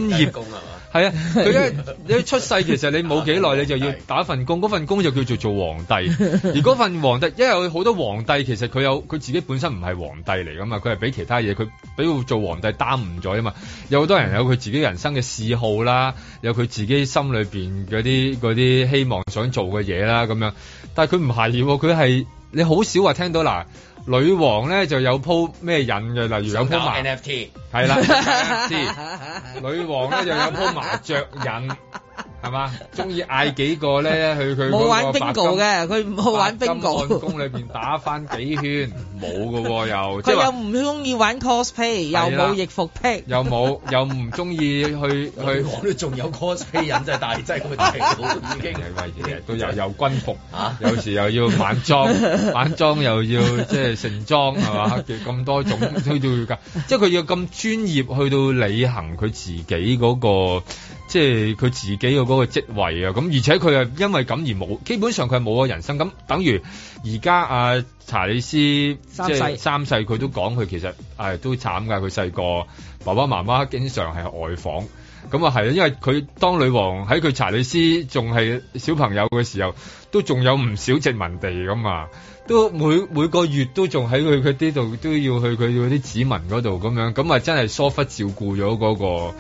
專業工係嘛？ [LAUGHS] 係啊，佢一你出世，其實你冇幾耐，你就要打份工，嗰份工就叫做做皇帝。而嗰份皇帝，因為佢好多皇帝，其實佢有佢自己本身唔係皇帝嚟噶嘛，佢係俾其他嘢，佢俾做皇帝耽誤咗啊嘛。有好多人有佢自己人生嘅嗜好啦，有佢自己心裏邊嗰啲嗰啲希望想做嘅嘢啦咁樣。但係佢唔係，佢係你好少話聽到嗱。女王咧就有鋪咩癮嘅？例如有鋪麻想 NFT，係啦，知 [LAUGHS] 女王咧就有鋪麻雀癮。係嘛？中意嗌幾個咧？去佢嗰個白金漢宮裏邊打返幾圈，冇噶喎又。佢又唔中意玩 cosplay，又冇易服癖，又冇，又唔中意去去。我仲有 cosplay 人 [LAUGHS] 真係大，真係佢大佬。已經係乜嘢都又又軍服、啊，有時又要反裝，反裝又要即係盛裝係嘛？咁、就是、多種都、就是、要噶，即係佢要咁專業去到履行佢自己嗰、那個，即係佢自己嗰、那個職位啊，咁而且佢係因為咁而冇，基本上佢係冇個人生。咁等於而家阿查理斯三世，佢都講佢其實、哎、都慘噶。佢細個爸爸媽媽經常係外訪，咁啊係啊？因為佢當女王喺佢查理斯仲係小朋友嘅時候，都仲有唔少殖民地咁啊，都每每個月都仲喺佢佢呢度都要去佢啲子民嗰度咁樣，咁啊真係疏忽照顧咗嗰、那個。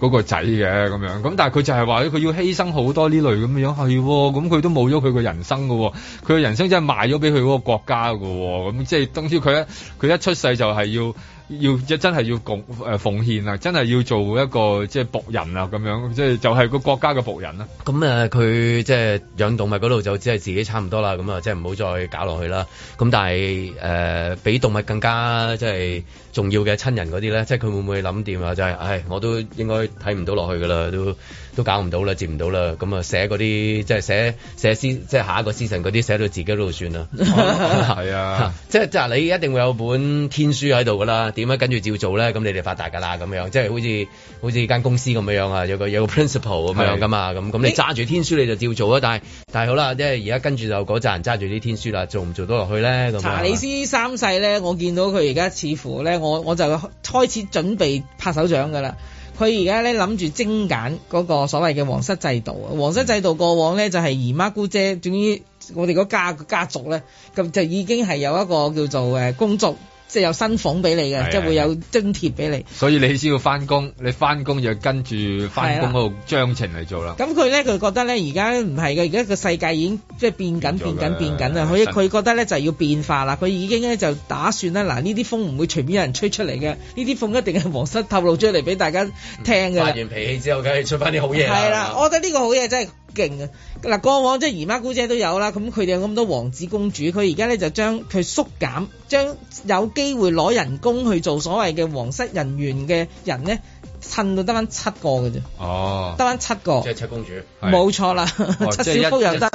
嗰個仔嘅咁樣，咁但係佢就係話佢要犧牲好多呢類咁樣，樣，係喎，咁佢都冇咗佢嘅人生嘅喎，佢嘅人生真係賣咗俾佢嗰個國家嘅喎，咁即係等於佢咧，佢一出世就係要。要即真係要奉誒奉獻啊！真係要做一個即係僕人啊咁樣，即係就係、是、個國家嘅僕人啦。咁誒，佢、呃、即係養動物嗰度就只係自己差唔多啦。咁啊，即係唔好再搞落去啦。咁但係誒、呃，比動物更加即係重要嘅親人嗰啲咧，即係佢會唔會諗掂啊？就係、是，唉，我都應該睇唔到落去噶啦，都。都搞唔到啦，接唔到啦，咁啊寫嗰啲即係寫寫詩，即係下一個詩神嗰啲寫到自己嗰度算啦。係啊，即係即係你一定會有本天書喺度㗎啦。點樣跟住照做咧？咁你哋發達㗎啦，咁樣即係、就是、好似好似間公司咁樣樣啊，有個有個 principal 咁樣㗎嘛，咁咁你揸住天書你就照做啊！但係但係好啦，即係而家跟住就嗰扎人揸住啲天書啦，做唔做到落去咧？咁查理斯三世咧，我見到佢而家似乎咧，我我就開始準備拍手掌㗎啦。佢而家咧，諗住精簡嗰個所謂嘅皇室制度啊，皇室制度過往咧就係姨媽姑姐，總之我哋個家嘅家族咧，咁就已經係有一個叫做誒公族。即係有薪俸俾你嘅，即係會有津貼俾你。所以你先要翻工，你翻工就跟住翻工嗰個章程嚟做啦。咁佢咧，佢覺得咧，而家唔係嘅，而家個世界已經即係變緊、變緊、變緊啦。佢佢覺得咧就要變化啦。佢已經咧就打算啦。嗱，呢啲風唔會隨便有人吹出嚟嘅，呢啲風一定係皇室透露出嚟俾大家聽嘅。發完脾氣之後，梗係出翻啲好嘢。係啦，我覺得呢個好嘢真係。勁啊！嗱，過往即係姨媽姑姐都有啦，咁佢哋有咁多王子公主，佢而家咧就將佢縮減，將有機會攞人工去做所謂嘅皇室人員嘅人咧。趁到得返七個嘅啫，哦，得返七個，即係七公主，冇錯啦，哦，七小福又得，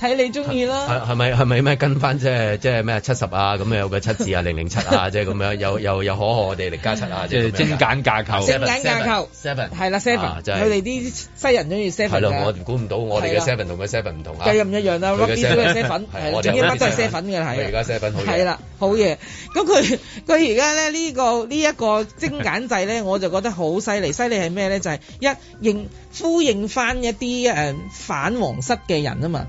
睇你鍾意囉，係咪，係咪跟返，即係 [LAUGHS] 即係咩七十啊？咁有個七字啊，零零七啊，即係咁樣又又又可可哋力加七啊，即係精簡架構，精簡架構，seven 係啦，seven，佢哋啲西人鍾意 seven。係咯，啊，我估唔到我哋嘅 seven 同佢 seven 唔同啊，計入唔一樣啦。Rocky 都係 seven，自己乜都係 seven 嘅係。而家 seven 好，係啦，好嘢。咁佢佢而家咧呢個呢一個精簡制。我就覺得好犀利，犀利係咩咧？就係、是、一應呼應返一啲誒、呃、反皇室嘅人啊嘛，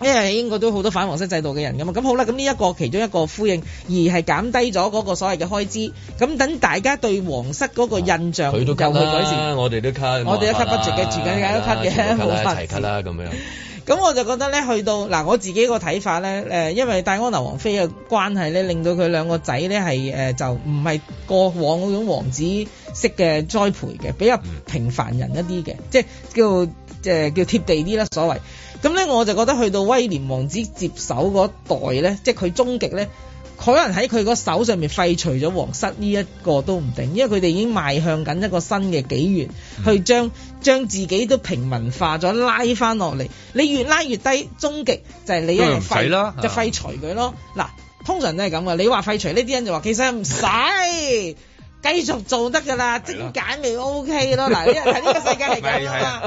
因、嗯、為英國都好多反皇室制度嘅人噶嘛。咁好啦，咁呢一個其中一個呼應，而係減低咗嗰個所謂嘅開支，咁等大家對皇室嗰個印象、啊，佢都 cut 啦，不我哋都卡 u 我哋一 cut 不值嘅，住緊一 cut 嘅，冇法子。 [LAUGHS] 咁我就覺得咧，去到嗱我自己個睇法咧、呃，因為戴安娜王妃嘅關係咧，令到佢兩個仔咧係就唔係過往嗰種王子式嘅栽培嘅，比較平凡人一啲嘅，即係叫、呃、叫貼地啲啦所謂。咁咧我就覺得去到威廉王子接手嗰代咧，即係佢終極咧，可能喺佢個手上面廢除咗皇室呢一、個都唔定，因為佢哋已經邁向緊一個新嘅紀元、嗯、去將。將自己都平民化咗，拉翻落嚟。你越拉越低，終極就係你一日廢咯，就廢除佢咯。嗱，通常都係咁嘅。你話廢除呢啲人就話，其實唔使。 [LAUGHS] 繼續做得噶啦，精簡咪 OK 咯。嗱，呢個睇呢個世界係咁樣嘛，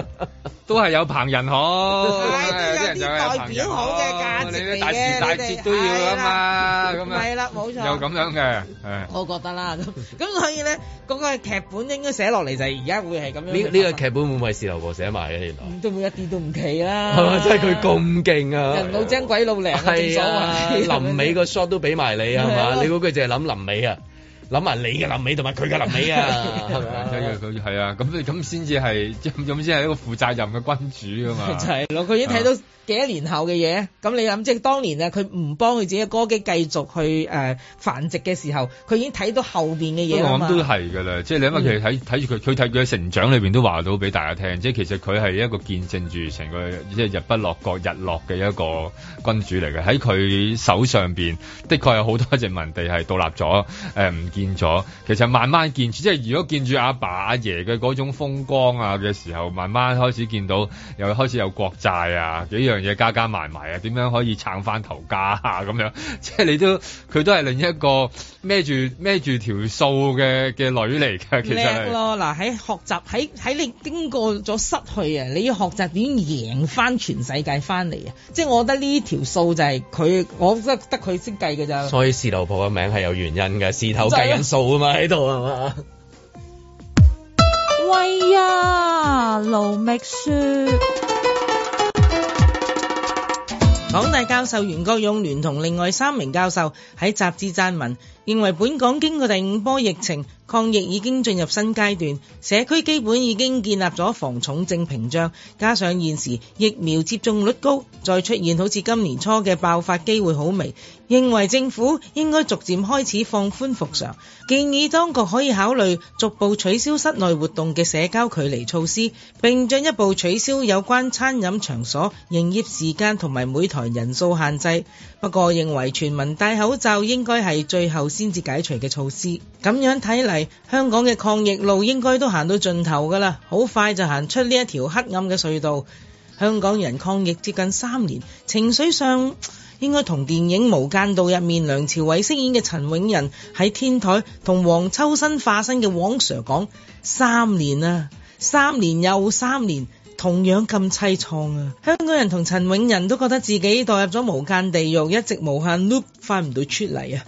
都係有旁人好，係呢個啲代表好嘅價值嚟嘅。你哋係啦，冇錯，有咁樣嘅。我覺得啦，咁咁所以咧，嗰個劇本應該寫落嚟就係而家會係咁樣。呢呢個劇本會唔會係事頭婆寫埋嘅？原來都冇一啲都唔奇啦。係嘛，真係佢咁勁啊！人老精鬼老靈，係啊，臨尾個 shot 都俾埋你，係嘛？你估佢淨係諗臨尾啊？諗埋你嘅臨尾同埋佢嘅臨尾啊！即係佢係啊，咁你咁先至係，咁先係一個負責任嘅君主啊嘛！就係、是，佢已經睇到幾多年後嘅嘢。咁你諗，即、嗯、係當年啊，佢唔幫佢自己嘅哥基繼續去誒、呃、繁殖嘅時候，佢已經睇到後邊嘅嘢我諗都係噶啦，即係你因為佢睇睇住佢，佢睇佢嘅成長裏邊都話到俾大家聽，即係其實佢係一個見證住成個即係日不落國日落嘅一個君主嚟嘅。喺佢手上邊，的確有好多殖民地係獨立咗誒。呃見咗，其實慢慢見住，即係如果見住阿爸阿爺嘅嗰種風光啊嘅時候，慢慢開始見到有，又開始有國債啊，幾樣嘢加加埋埋啊，點樣可以撐翻頭家啊？咁樣？即係你都佢都係另一個孭住孭住條數嘅嘅女嚟嘅，其實咯，嗱喺學習喺喺你經過咗失去啊，你要學習點贏翻全世界翻嚟啊！即係我覺得呢條數就係佢，我得佢識計嘅咋。所以司徒婆嘅名係有原因嘅，司徒因素啊嘛喺度啊嘛，喂 [NOISE] 啊樂！盧覓雪，港大教授袁國勇聯同另外三名教授喺雜誌撰文，認為本港經過第五波疫情。抗疫已經進入新階段，社區基本已經建立咗防重症屏障，加上現時疫苗接種率高，再出現好似今年初嘅爆發機會好微。認為政府應該逐漸開始放寬復常，建議當局可以考慮逐步取消室內活動嘅社交距離措施，並進一步取消有關餐飲場所、營業時間同埋每枱人數限制。不過認為全民戴口罩應該係最後先至解除嘅措施。咁樣睇嚟。香港嘅抗疫路應該都行到盡頭噶啦，好快就行出呢一條黑暗嘅隧道。香港人抗疫接近三年，情緒上應該同電影《無間道》入面梁朝偉飾演嘅陳永仁喺天台同黃秋生化身嘅王 Sir 講三年啊，三年又三年，同樣咁淒愴啊！香港人同陳永仁都覺得自己墮入咗無間地獄，一直無限 loop 翻唔到出嚟啊！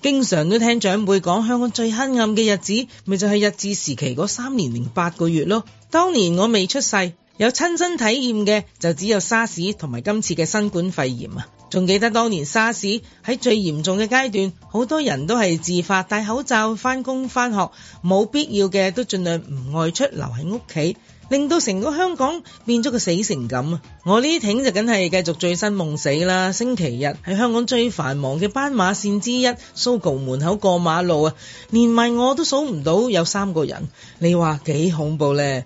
經常都聽長輩講香港最黑暗嘅日子，咪就係、是、日治時期嗰三年零八個月咯。當年我未出世，有親身體驗嘅就只有 SARS 同埋今次嘅新冠肺炎啊！仲記得當年 SARS 喺最嚴重嘅階段，好多人都係自發戴口罩返工返學，冇必要嘅都儘量唔外出，留喺屋企。令到成個香港變咗個死城咁啊！我呢艇就梗係繼續醉生夢死啦。星期日喺香港最繁忙嘅斑馬線之一，Sogo 門口過馬路啊，連埋我都數唔到有三個人，你話幾恐怖呢？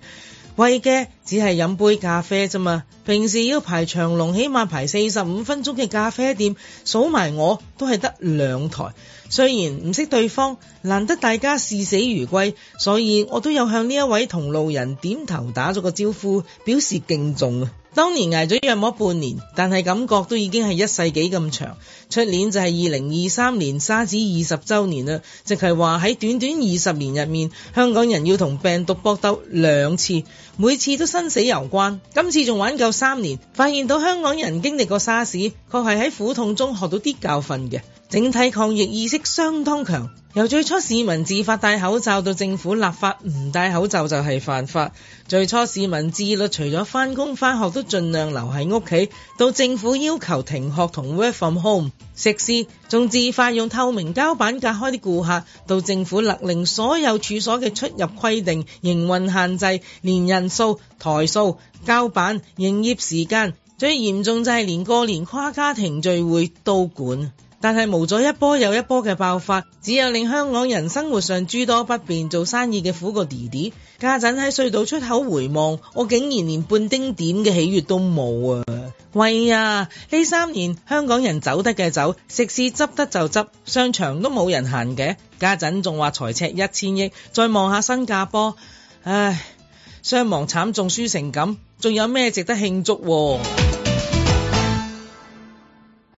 為嘅只係飲杯咖啡咋嘛？平時要排長龍，起碼排四十五分鐘嘅咖啡店，數埋我都係得兩台。雖然唔識對方，難得大家視死如歸，所以我都有向呢一位同路人點頭打咗個招呼，表示敬重。當年捱咗約莫半年，但係感覺都已經係一世紀咁長。出年就係二零二三年，沙士二十周年啦，即係話喺短短二十年入面，香港人要同病毒搏鬥兩次，每次都生死攸關。今次仲玩夠三年，發現到香港人經歷過沙士，確係喺苦痛中學到啲教訓嘅。整體抗疫意識相當強。由最初市民自發戴口罩，到政府立法唔戴口罩就係犯法；最初市民自律，除咗返工返學都盡量留喺屋企，到政府要求停學同 work from home。食肆，仲自發用透明膠板隔開啲顧客。到政府勒令所有處所嘅出入規定、營運限制，連人數、台數、膠板、營業時間，最嚴重就係連過年跨家庭聚會都管。但係冇咗一波又一波嘅爆發，只有令香港人生活上諸多不便，做生意嘅苦過弟弟。家陣喺隧道出口回望，我竟然連半丁點嘅喜悅都冇啊！喂啊！呢三年香港人走得嘅走，食肆執得就執，商場都冇人行嘅。家陣仲話財赤一千億，再望下新加坡，唉，傷亡慘重輸成咁，仲有咩值得慶祝啊？